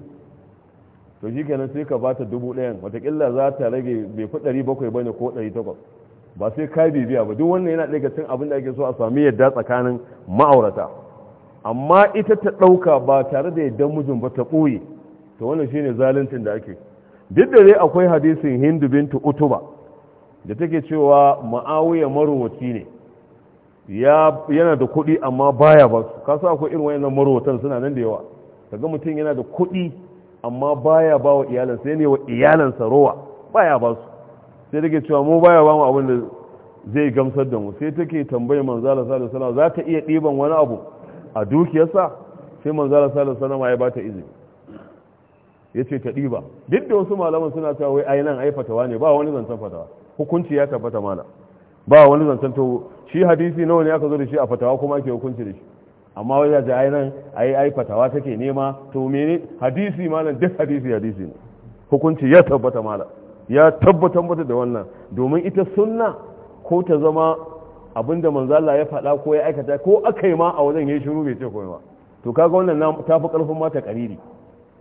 to shi kenan sai ka ba ta dubu ɗaya wataƙila za ta rage bai fi ɗari bakwai ba ne ko ɗari takwas ba sai ka bibiya ba duk wannan yana ga cin abin da ake so a sami yadda tsakanin ma'aurata amma ita ta ɗauka ba tare da yadda mijin ba ta ɓoye ta wannan shine zaluncin da ake duk da dai akwai hadisin hindu bintu utuba da take cewa ma'awiya marowaci ne yana da kuɗi amma baya ba su kasu akwai irin wayannan marowatan suna nan da yawa kaga mutum yana da kuɗi amma baya ba wa iyalansa ne wa iyalansa rowa baya ba su sai take cewa mu baya ba mu abin da zai gamsar da mu sai take tambayi manzala sallallahu alaihi wasallam za ta iya ɗiban wani abu a dukiyarsa sai manzala sallallahu alaihi ya bata izini yace ta diba duk da wasu malaman suna cewa wai ai nan ai fatawa ne ba wani zancen fatawa hukunci ya tabbata mala ba wani zancen to shi hadisi nawa ne aka zo da shi a fatawa kuma ake hukunci da shi amma wai yaji ai nan ai ai fatawa take nema to mene hadisi malam duk hadisi hadisi ne hukunci ya tabbata mala ya tabbatar mata da wannan domin ita sunna ko ta zama abinda manzo Allah ya faɗa ko ya aikata ko aka yi ma a wajen ya shiru bai ce komai ba to kaga wannan na tafi karfin mata kariri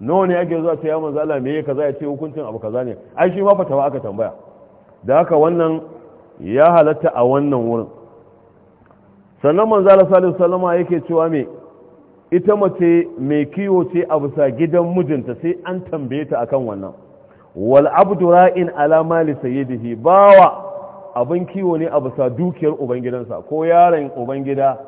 nawa ne ake zuwa ce ya manzo Allah me ya kaza ya ce hukuncin abu kaza ne ai shi ma fatawa aka tambaya da haka wannan ya halatta a wannan wurin sannan manzo Allah sallallahu alaihi wasallama yake cewa me ita mace mai kiwo ce a bisa gidan mijinta sai an tambaye ta akan wannan wal abdu ra'in ala mali sayyidihi bawa abin kiwo ne a bisa dukiyar ubangidansa ko yaron ubangida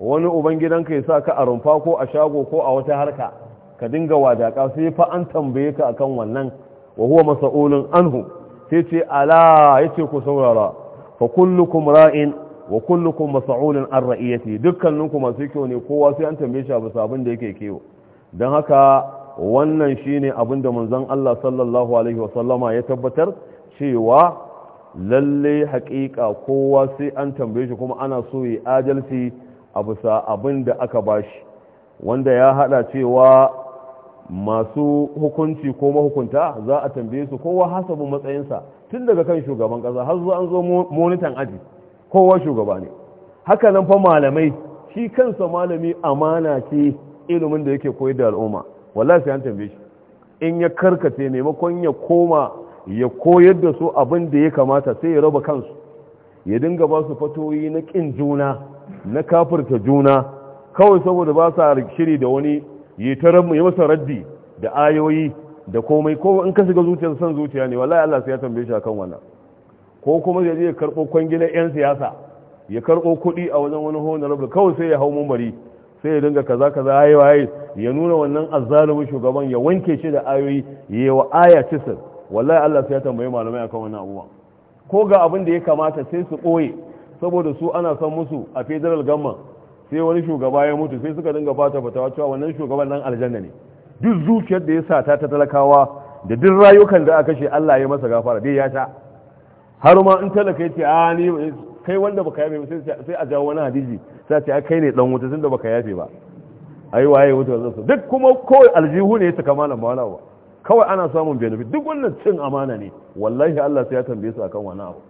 wani ubangidan ka ya sa ka a rumfa ko a shago ko a wata harka ka dinga wadaka sai fa an tambaye ka akan wannan wa huwa masaulun anhu sai ce ala yace ku saurara fa kullukum ra'in wa kullukum masaulun an ra'iyati dukkaninku masu kiwo ne kowa sai an tambaye shi a bisa abin da yake kiwo don haka wannan shine abin da manzon Allah sallallahu alaihi wa sallama ya tabbatar cewa lalle haƙiƙa kowa sai an tambaye shi kuma ana so yi adalci a bisa abin da aka shi wanda ya haɗa cewa masu hukunci ko mahukunta za a tambaye su kowa hasabin matsayinsa tun daga kan shugaban ƙasa har zuwa an zo monitan aji kowa shugaba ne haka nan fa malamai shi kansa malami amana ce ilimin da yake koyar da al'umma wallahi sai an tambaye shi in ya karkace maimakon ya koma ya koyar da su abin da ya kamata sai ya raba kansu ya dinga ba su fatoyi na ƙin juna na kafirta juna kawai saboda ba su shiri da wani yi ta rabu ya masa raddi da ayoyi da komai ko in ka shiga zuciya san zuciya ne wallahi Allah sai ya tambaye shi akan wannan ko kuma ya je ya karbo kwangina yan siyasa ya karbo kuɗi a wajen wani honorable kawai sai ya hau mumbari sai ya dinga kaza kaza ayoyi ya nuna wannan azzalumin shugaban ya wanke shi da ayoyi yayi wa aya tisir wallahi Allah sai ya tambaye malamai akan wannan abuwa ko ga abin da ya kamata sai su ɓoye saboda su ana son musu a federal gamma sai wani shugaba ya mutu sai suka dinga fata fata cewa wannan shugaban nan aljanna ne duk zuciyar da ya sa ta talakawa da duk rayukan da aka kashe Allah ya masa gafara dai ya sha har ma in talaka yace a ni kai wanda baka yafe sai sai a jawo wani hadisi sai ce kai ne dan wuta tunda baka yafe ba ai waye wuta zan duk kuma ko aljihu ne ya saka malam malawa kawai ana samun benefit duk wannan cin amana ne wallahi Allah sai ya tambaye su akan wani abu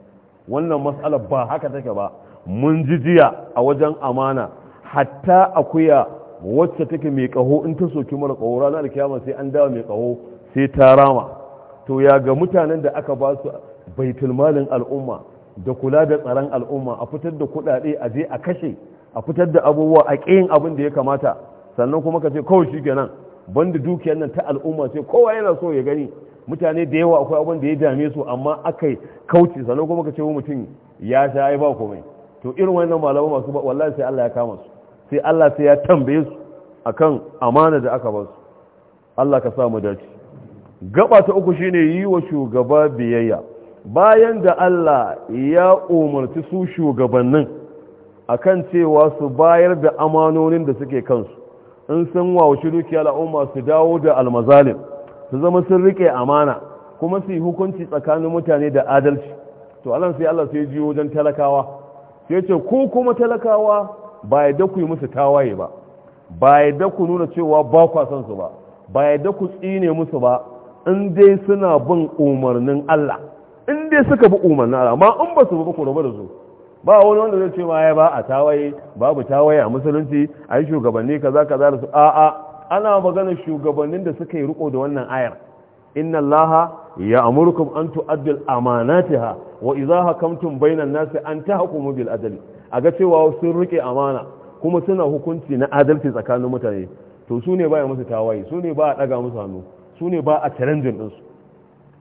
wannan mas'ala ba haka take ba mun ji jiya a wajen amana hatta akuya wacce take mai kaho in ta soki mara kaho ranar alkiyama sai an dawo mai kaho sai ta rama to ya ga mutanen da aka ba su baitul malin al'umma da kula da tsaron al'umma a fitar da kuɗaɗe a je a kashe a fitar da abubuwa a kiyin abin da ya kamata sannan kuma ka ce kawai shi kenan banda dukiyar nan ta al'umma ce kowa yana so ya gani mutane da yawa akwai abin da ya dame su amma aka kauce sannan kuma ka ce wa mutum ya sha ai ba komai to irin wannan malaman masu ba wallahi sai Allah ya kama su sai Allah sai ya tambaye su akan amana da aka ba su Allah ka sa mu dace gaba ta uku shine yi wa shugaba biyayya bayan da Allah ya umarci su shugabannin akan cewa su bayar da amanonin da suke kansu in sun wawushi dukiya al'umma su dawo da almazalim su zama sun rike amana kuma su yi hukunci tsakanin mutane da adalci to alan sai Allah sai jiyo wajen talakawa sai ce ku kuma talakawa ba yadda ku yi musu tawaye ba ba yadda ku nuna cewa ba kwa son su ba ba yadda ku tsine musu ba in dai suna bin umarnin Allah in dai suka bi umarnin Allah amma in ba su ba ku rabu da su ba wani wanda zai ce ma ya ba a tawaye babu tawaye a musulunci a yi shugabanni kaza kaza da su a'a ana magana shugabannin da suka yi riko da wannan ayar inna Laha ya amurkum an tu'addul amanatiha wa idza hakamtum bainan nasi an tahkumu bil adali. a ga cewa sun rike amana kuma suna hukunci na adalci tsakanin mutane to su ne ba ya musu tawaye su ne ba a daga musu hannu su ne ba a challenge din su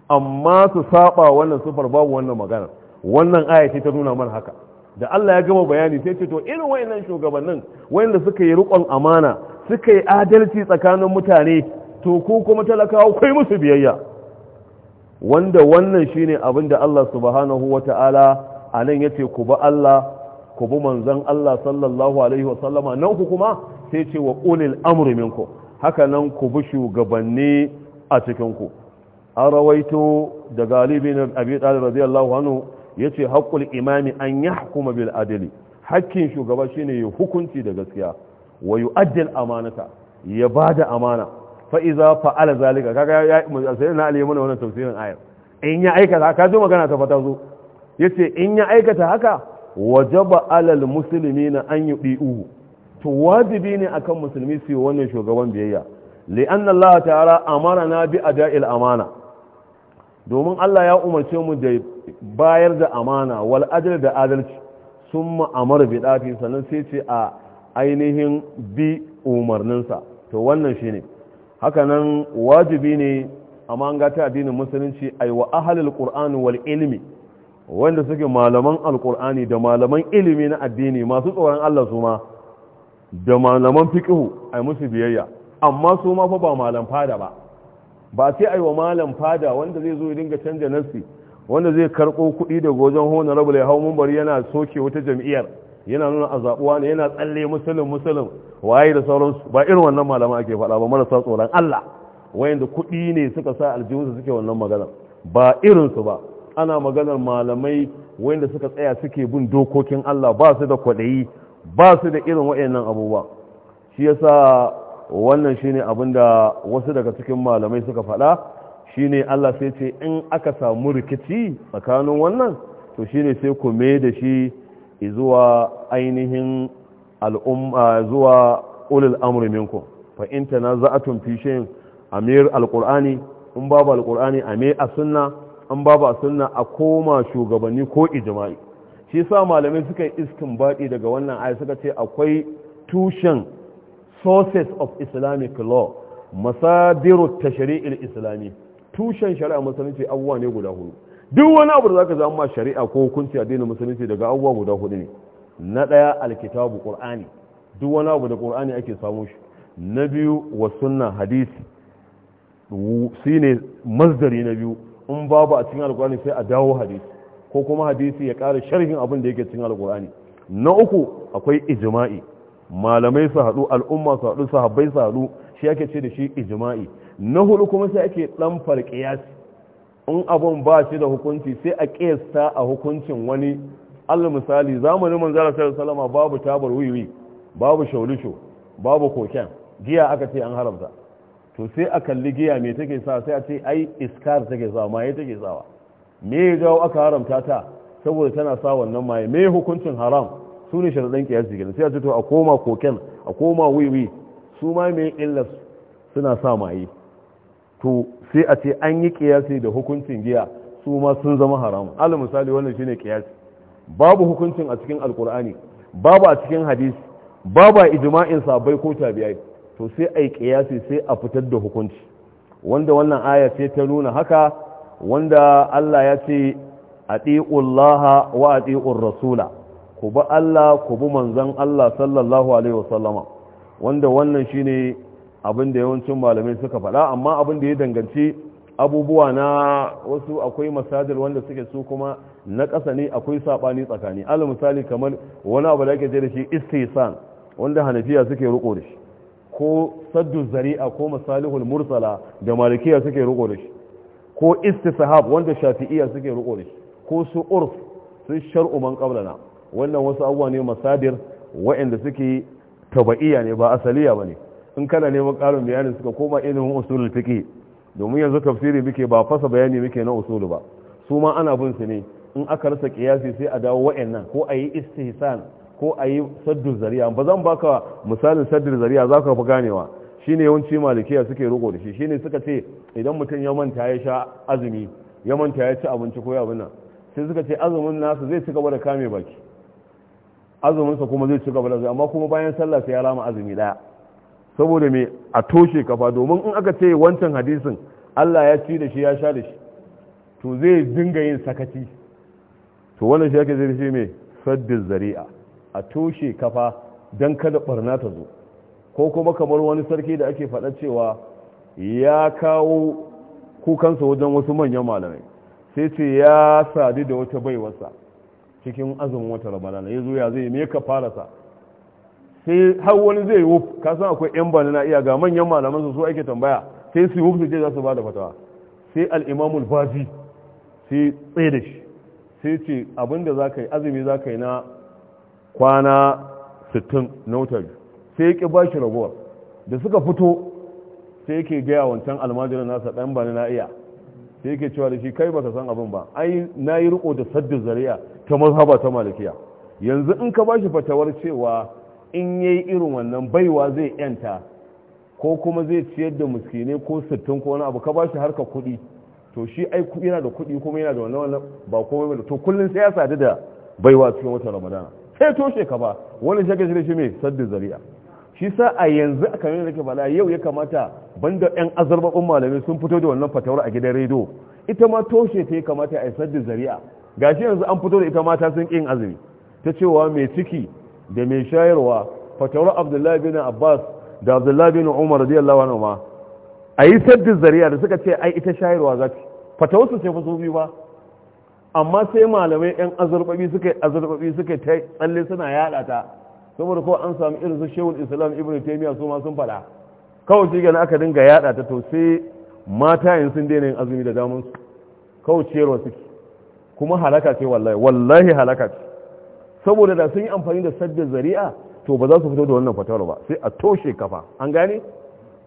amma su saba wannan sufar babu wannan magana wannan ayati ta nuna mana haka da Allah ya gama bayani sai ce to irin wayannan shugabannin wayanda suka yi rikon amana suka yi adalci tsakanin mutane to ko kuma talakawa kai musu biyayya wanda wannan shine abin da Allah subhanahu wata'ala anan yace ku bi Allah ku bi manzon Allah sallallahu alaihi wasallama nan ku kuma sai ce wa qulil amri minku haka nan ku bi shugabanni a cikin ku an rawaito da galibi na abi talib radiyallahu anhu yace haqqul imami an kuma bil adali hakkin shugaba shine ya hukunci da gaskiya wa yu'addil amanata ya bada amana fa iza fa'ala zalika kaga ya sayyidina ali mun wannan tafsirin ayar in ya aikata ka zo magana ta fata zo yace in ya aikata haka ba alal na an yudi'u to wajibi ne akan musulmi su yi wannan shugaban biyayya li'anna Allah mara na bi a da'il amana domin Allah ya umarce mu da bayar da amana wal ajal da adalci sun ma'amar bidafi sannan sai ce a ainihin bi umarninsa to wannan shi ne, hakanan wajibi ne a ma'anga ta addinin musulunci ai wa ahalil qur'an wal ilimi wanda suke malaman alqur'ani da malaman ilimi na addini masu tsoron Allah su ma da malaman a ai musu biyayya amma su ma fa ba malam fada ba ba sai ai wa malam fada wanda zai zo ya dinga canja nasi wanda zai karɓo kuɗi daga wajen rabu ya hau bari yana soke wata jam'iyyar yana nuna a zaɓuwa ne yana tsalle musulun musulun waye da sauransu ba irin wannan malama ake faɗa ba marasa tsoron Allah wayanda kuɗi ne suka sa aljihunsu suke wannan magana ba irinsu ba ana maganar malamai wayanda suka tsaya suke bin dokokin Allah ba su da kwaɗayi ba su da irin wayannan abubuwa shi yasa wannan shine abin da wasu daga cikin malamai suka faɗa shine Allah sai ce in aka samu rikici tsakanin wannan to shine sai ku mai da shi zuwa ainihin al'umma zuwa ulul amri minkum fa in tanaza'atum fi shay'in amir alqur'ani in babu alqur'ani amir as-sunna in babu as-sunna a koma shugabanni ko ijma'i shi sa malamai suka yi istinbadi daga wannan ayi suka ce akwai tushen sources of islamic law masadiru tashri'il islami tushen shari'a musulunci abubuwa ne guda hudu duk wani abu da zaka zama ma shari'a ko hukunci addinin musulunci daga abubuwa guda hudu ne na daya alkitabu qur'ani duk wani abu da qur'ani ake samu shi na biyu wa sunna hadisi shine masdari na biyu in babu a cikin alqur'ani sai a dawo hadisi ko kuma hadisi ya ƙara sharhin abin da yake cikin alkur'ani na uku akwai ijma'i malamai su haɗu al'umma su haɗu sahabbai su haɗu shi ake ce da shi ijma'i na hudu kuma sai ake dan farqiyas in abun ba shi da hukunci sai a kiyasta a hukuncin wani allah misali zamanin manzo sallallahu alaihi babu tabar wiwi babu shaulisho babu koken giya aka ce an haramta to sai a kalli giya me take sa sai a ce ai iskar take sa maye take sawa me ya jawo aka haramta ta saboda tana sa wannan maye me hukuncin haram su ne sharaɗan kiyasi kenan sai a ce to a koma koken a koma wiwi su ma mai illa suna sa maye to sai a ce an yi kiyasi da hukuncin giya su ma sun zama haramu alal misali wannan shine kiyasi babu hukuncin a cikin alkur'ani babu a cikin hadisi babu a ijima'in sabai ko tabi'ai to sai a yi kiyasi sai a fitar da hukunci wanda wannan aya ce ta nuna haka wanda Allah ya ce a ɗi'ullaha wa a rasula ku bi Allah ku bi manzon Allah sallallahu alaihi wasallama wanda wannan shine abin da yawancin malamai suka faɗa amma abin da ya danganci abubuwa na wasu akwai masajir wanda suke su kuma na ƙasa ne akwai saɓani tsakani ala misali kamar wani abu da ake ce da shi istisan wanda hanafiya suke riko da shi ko saddu zari'a ko masalihul mursala da malikiya suke riko da shi ko istishab wanda shafi'iya suke riko da shi ko su urf sun shar'u man qablana wannan wasu abuwa ne masadir waɗanda suke tabaiya ne ba asaliya ba ne in kana neman ƙarin bayanin suka koma ilimin usulul fiqh domin yanzu tafsiri muke ba fasa bayani muke na usulu ba su ma ana bin su ne in aka rasa kiyasi sai a dawo waɗannan ko a yi istihsan ko a yi saddu zariya ba zan baka misalin saddu zariya za ka fi ganewa shine yawanci malikiya suke roƙo da shi shine suka ce idan mutum ya manta ya sha azumi ya manta ya ci abinci ko ya abin nan sai suka ce azumin nasu zai ci gaba da kame baki azuminsa kuma zai ci gaba da zai amma kuma bayan sallah sai ya rama azumi daya saboda me a toshe kafa domin in aka ce wancan hadisin Allah ya ci da shi ya sha da shi to zai dinga yin sakaci to wannan shi ake zai ce me saddin zari'a a toshe kafa dan kada barna ta zo ko kuma kamar wani sarki da ake faɗa cewa ya kawo kukansa wajen wasu manyan malamai sai ce ya sadu da wata baiwarsa cikin azumin wata ramadana ya zo ya zai me ka fara sa sai har wani zai wuf ka san akwai yan bani na iya ga manyan malaman su ake tambaya sai su wuf su je za su ba da fatawa sai al-imamul baji sai tsaye da shi sai ce abinda za ka yi azumi za ka yi na kwana 60 na sai ya ƙi ba shi ragowar da suka fito sai yake gaya wancan almajirin nasa ɗan bani na iya sai yake cewa da shi kai baka san abin ba ai na yi riko da saddin zariya ta mazhaba ta malikiya yanzu in ka bashi fatawar cewa in ya yi irin wannan baiwa zai yanta ko kuma zai ciyar da muskine ko sittin ko wani abu ka bashi harka kuɗi to shi ai yana da kuɗi kuma yana da wannan wannan ba komai ba to kullun sai ya sadu da baiwa cikin watan ramadana sai toshe ka ba wani shagashi shi shi mai saddin zari'a shi sa a yanzu a kamar da bala yau ya kamata banda yan azarbabin malamai sun fito da wannan fatawar a gidan rediyo ita ma toshe ta ya kamata a isar da zari'a shi yanzu an fito da ita mata sun ƙin azumi ta cewa mai ciki da mai shayarwa fatawar abdullahi bin abbas da abdullahi bin umar radiyallahu anhu ma a yi sadda zariya da suka ce ai ita shayarwa za ta fatawar su ce fa su biyu ba amma sai malamai yan azurbabi suka azurbabi suka tsalle suna yaɗa ta saboda kawai an samu irin su shehu islam ibn taimiyya su ma sun faɗa kawai shi gani aka dinga yada ta to sai mata yin sun daina yin azumi da damun su kawai ciyarwa suke kuma halaka ce wallahi wallahi halaka ce saboda da sun yi amfani da sadda zari'a to ba za su fito da wannan fatawar ba sai a toshe kafa an gane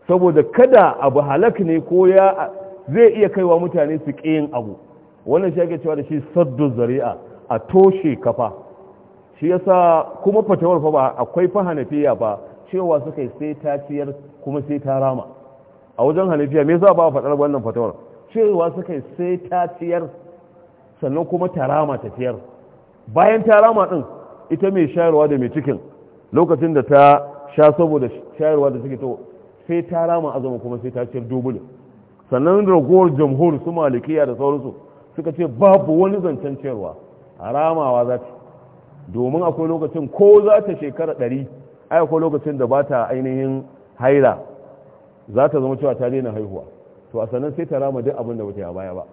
saboda kada abu halak ne ko ya zai iya kaiwa mutane su ƙi yin abu wannan shi ake cewa da shi saddu zari'a a toshe kafa shi yasa kuma fatawar fa ba akwai fa hanafiya ba cewa suka sai ta ciyar kuma sai ta rama a wajen hanafiya me yasa ba faɗar wannan fatawar cewa suka yi sai ta ciyar sannan kuma ta rama ta ciyar bayan ta rama din ita mai shayarwa da mai cikin lokacin da ta sha saboda shayarwa da suke to sai ta rama azuma kuma sai ta ciyar dubulin sannan ragowar jamhur su malikiya da sauransu suka ce babu wani zancen ciyarwa ramawa za ta domin akwai lokacin ko za ta shekara ɗari ai akwai lokacin da ba ta ainihin haila za ta zama cewa ta daina haihuwa to a sannan sai ta rama duk abin da bata ya baya ba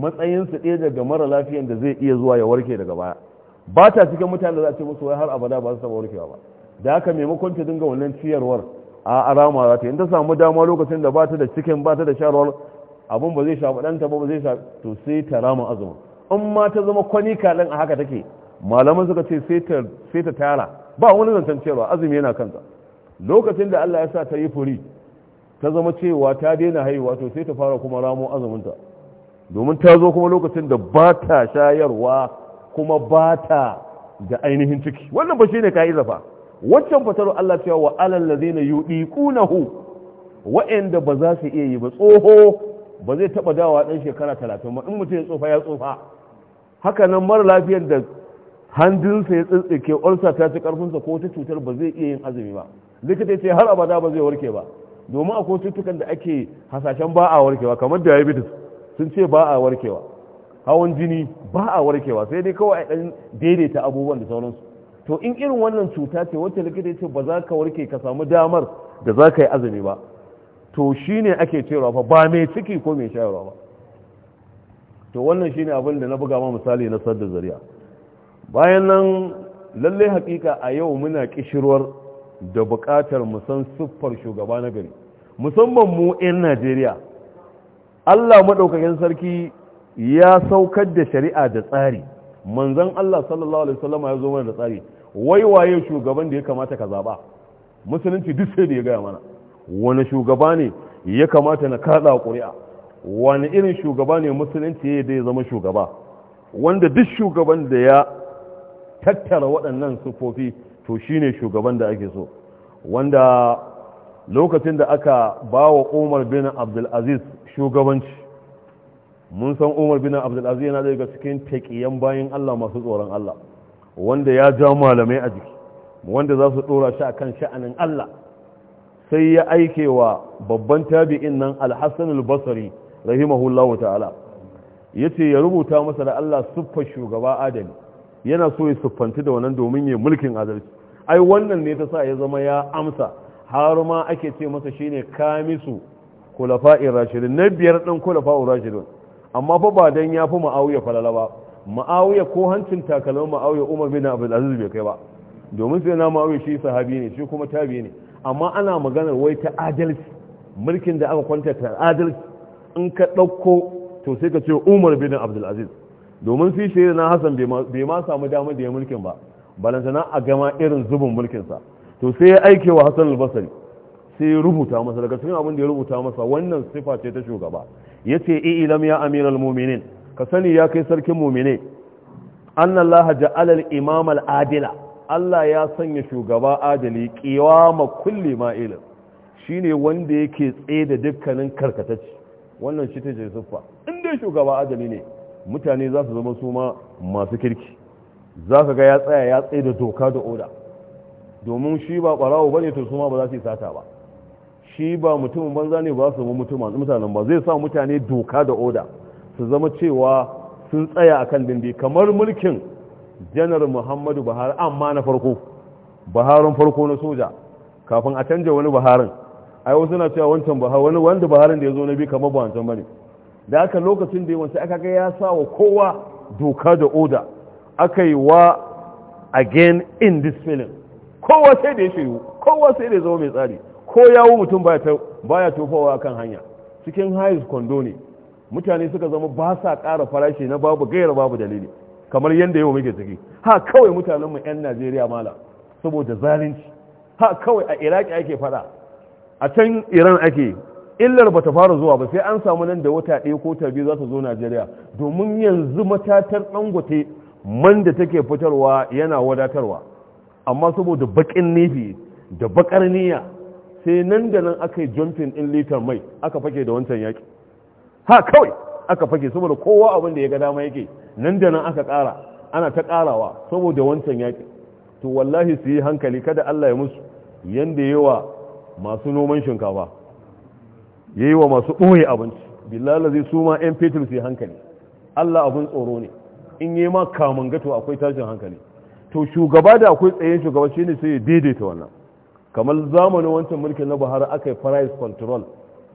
matsayinsu ɗaya daga mara lafiyan da zai iya zuwa ya warke daga baya ba ta cikin mutane da za a ce musu wai har abada ba su taɓa warkewa ba da haka maimakon ta dinga wannan ciyarwar a arama za ta yi in ta samu dama lokacin da ba ta da cikin ba ta da sharwar abin ba zai shafi ɗanta ba ba zai shafi to sai ta rama azumi in ma ta zama kwani kaɗan a haka take malaman suka ce sai ta tara ba wani zancen cewa azumi yana kansa lokacin da Allah ya sa ta yi furi ta zama cewa ta daina haihuwa to sai ta fara kuma ramo azuminta domin ta zo kuma lokacin da ba ta shayarwa kuma ba ta da ainihin ciki wannan ba shi ne ka yi zafa waccan fatar Allah cewa wa alal ladina yudiqunahu wa'anda ba za su iya yi ba tsoho ba zai taba dawa dan shekara 30 ba in mutum ya tsofa ya tsofa haka nan mara lafiyar da handunsa ya tsintsike ulcer ta ci karfinsa ko ta cutar ba zai iya yin azumi ba likita ce har abada ba zai warke ba domin akwai cutukan da ake hasashen ba a warkewa kamar diabetes sun ce ba a warkewa hawan jini ba a warkewa sai dai kawai a ɗan daidaita abubuwan da sauransu to in irin wannan cuta ce wacce likita ce ba za ka warke ka samu damar da za ka yi azumi ba to shine ake cewa fa ba mai ciki ko mai shayarwa ba to wannan shine abin da na buga ma misali na sadda zariya bayan nan lalle hakika a yau muna kishirwar da bukatar musan siffar shugaba na gari musamman mu 'yan najeriya allah maɗaukakin sarki ya saukar da shari'a da tsari manzan allah sallallahu alaihi wasallam ya zo mana da tsari wai waye shugaban da ya kamata ka zaba musulunci duk sai da ya gaya mana wani shugaba ne ya kamata na kaɗa ƙuri'a wani irin shugaba ne musulunci ya zama shugaba wanda duk shugaban da ya tattara waɗannan sufofi to shine shugaban da ake so wanda lokacin da aka ba wa umar bin abdulaziz shugabanci mun san umar bin abdulaziz yana daga cikin taƙiyan bayan allah masu tsoron allah wanda ya ja malamai a jiki wanda za su ɗora shi a kan sha'anin allah sai ya aike wa babban tabi'in nan alhassan albasari rahimahullahu ta'ala ya ce ya rubuta masa da allah siffar shugaba adali yana so ya siffanci da wannan domin ya mulkin adalci ai wannan ne ta sa ya zama ya amsa har ma ake ce masa shi ne kamisu kulafa irashirin na biyar ɗin kulafa irashirin amma fa ba dan ya fi ma'awiya falala ba ma'awiya ko hancin takalmin ma'awiya umar bin abdul aziz bai kai ba domin sai na ma'awiya shi sahabi ne shi kuma tabi ne amma ana maganar wai ta adalci mulkin da aka kwanta ta adalci in ka ɗauko to sai ka ce umar bin abdul aziz domin sai shi na hasan bai ma samu damar da ya mulkin ba balantana a gama irin zubin mulkinsa to sai ya aike wa hasan albasari sai ya rubuta masa daga cikin abin da ya rubuta masa wannan sifa ce ta shugaba ya ce ilam ya Aminal muminin ka sani ya kai sarkin mumine annan laha ja'alar imam Adila. allah ya sanya shugaba adali kewa kulli ma'ilin shine wanda yake tsaye da dukkanin karkatacci wannan shi ta ce siffa in dai shugaba adali ne mutane za su zama su ma masu kirki za ka ga ya tsaya ya tsaye da doka da oda domin shi ba ɓarawo ba ne to su ma ba za su yi sata ba shi ba mutumin banza ne ba su zama mutanen ba zai sa mutane doka da oda su zama cewa sun tsaya a kan dindi kamar mulkin janar muhammadu buhari amma na farko buharin farko na soja kafin a canja wani buharin ai wasu na cewa wancan buhari wani wanda buharin da ya zo na bi kamar ba wancan ba ne da aka lokacin da yawanci aka ga ya sa wa kowa doka da oda aka yi wa again in this film kowa sai da ya shiru kowa sai da ya zama mai tsari ko yawo mutum baya tofawa kan hanya cikin hayes kwando ne mutane suka zama ba sa ƙara farashi na babu gaira babu dalili kamar yadda yau muke ciki ha kawai mutanenmu 'yan najeriya mala saboda zalunci ha kawai a iraki ake fada a can iran ake illar ba ta fara zuwa ba sai an samu nan da wata ɗaya ko ta biyu za ta zo najeriya domin yanzu matatar dangote man da take fitarwa yana wadatarwa amma saboda bakin nifi da bakar niyya sai nan da nan aka yi jumping in litar mai aka fake da wancan yaki ha kawai aka fake saboda kowa abin da ya ga dama yake nan da nan aka ƙara ana ta ƙarawa saboda wancan yaki to wallahi su yi hankali kada allah ya musu yanda yawa masu noman shinkafa ya yi wa masu ɓoye abinci bilala zai su ma yan fetur sai hankali allah abin tsoro ne in yi ma kamun gato akwai tashin hankali to shugaba da akwai tsayen shugaba shi ne sai ya daidaita wannan kamar zamanin wancan mulkin na buhari aka yi price control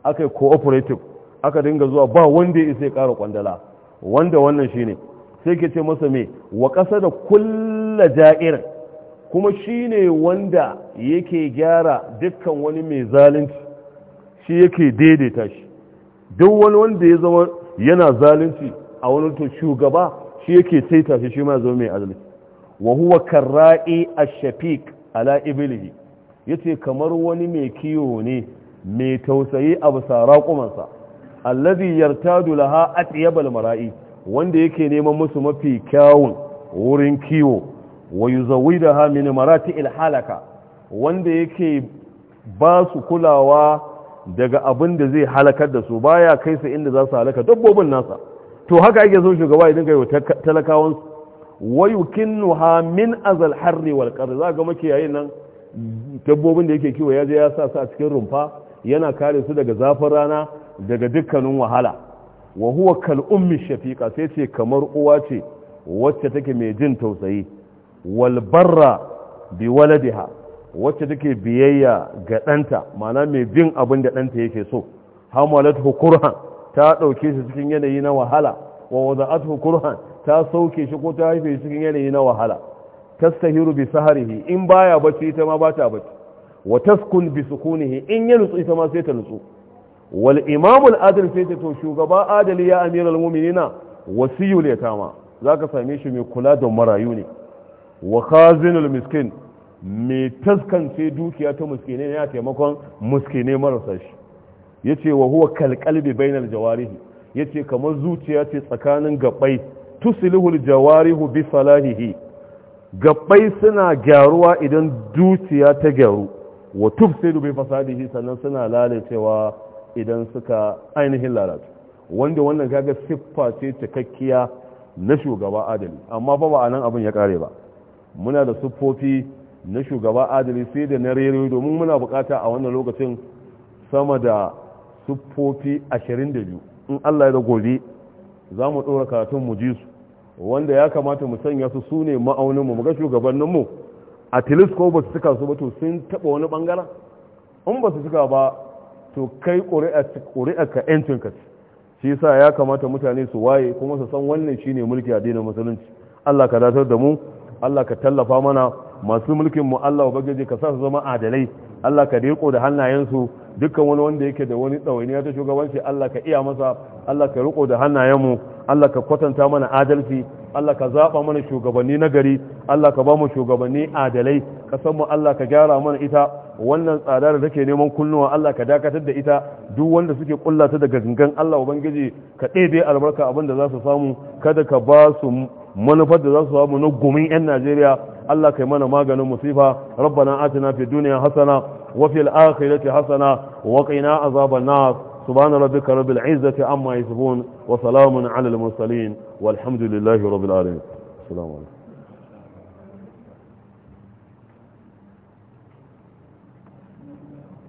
aka yi cooperative aka dinga zuwa ba wanda ya isa ya kara kwandala wanda wannan shi ne sai ke ce masa me wa ƙasa da kulla ja'irin kuma shi ne wanda yake gyara dukkan wani mai zalunci shi yake daidaita shi duk wani wanda ya zama yana zalunci a wani to shugaba shi yake saita shi shi ma zama mai adalci wa huwa karra'i ash-shafiq ala iblihi yace kamar wani mai kiyo ne mai tausayi a bisa raƙumansa allazi yartadu laha atyabal mara'i wanda yake neman musu mafi kyawun wurin kiwo wa yuzawidaha min marati halaka wanda yake ba su kulawa daga abin da zai halakar da su baya kai su inda za su halaka dabbobin nasa to haka ake so shugaba idan kai talakawan ha min azal harri wal qarr za ga makiyayin nan dabbobin da yake kiwo ya je ya sa su a cikin rumfa yana kare su daga zafin rana daga dukkanin wahala wa huwa kal ummi shafiqa sai ce kamar uwa ce wacce take mai jin tausayi wal barra bi waladiha wacce take biyayya ga ɗanta mana mai bin abin da ɗanta yake so hamalat hukurhan ta ɗauke shi cikin yanayi na wahala wa wada'at hukurhan ta sauke shi ko ta haife shi cikin yanayi na wahala tastahiru bi saharihi in baya bacci ita ma ba ta bacci wa taskun bi sukunihi in ya nutsu ita ma sai ta nutsu wal imamul adil sai ta to shugaba adali ya amiral mu'minina wasiyul yatama zaka same shi mai kula da marayu ne wa khazinul miskin mai taskance dukiya ta muskine ya taimakon muskine marasa shi ya ce wa huwa kalkalbi bainar jawarihi ya ce kamar zuciya ce tsakanin gabai tusilihul jawarihu bi salahihi gabai suna gyaruwa idan dukiya ta gyaru wa sai bi fasadihi sannan suna lalacewa idan suka ainihin lalata wanda wannan kaga siffa ce cikakkiya na shugaba adali amma fa ba a nan abin ya kare ba muna da siffofi na shugaba adali sai da na rere domin muna bukata a wannan lokacin sama da siffofi 22 in Allah ya da gobe za mu ɗora karatun mu ji wanda ya kamata mu sanya su su ne ma'auninmu mu ga shugabanninmu a telescope ba su cika su ba to sun taɓa wani ɓangaren in ba su cika ba to kai ƙuri'a ka shi sa ya kamata mutane su waye kuma su san wannan shine mulki addinin musulunci Allah ka datar da mu Allah ka tallafa mana masu mulkin mu Allah ubangiji ka sa su zama adalai Allah ka riko da hannayensu dukkan wani wanda yake da wani ɗawainiya ta shugabanci Allah ka iya masa Allah ka riko da hannayenmu Allah ka kwatanta mana adalci Allah ka zaɓa mana shugabanni na gari Allah ka ba mu shugabanni adalai mu Allah ka gyara mana ita wannan tsada da take neman kunnuwa Allah ka dakatar da ita duk wanda suke kullata daga gangan Allah ubangiji ka ɗebe albarka abin da za su samu kada ka ba su manufar da za su samu na gumin 'yan najeriya allah kai mana maganin musifa rabbana atina fi duniya hasana wa fil akhirati hasana wa qina azaban nar subhana rabbika rabbil izzati amma yasifun wa salamun ala al mursalin walhamdulillahi rabbil alamin assalamu alaikum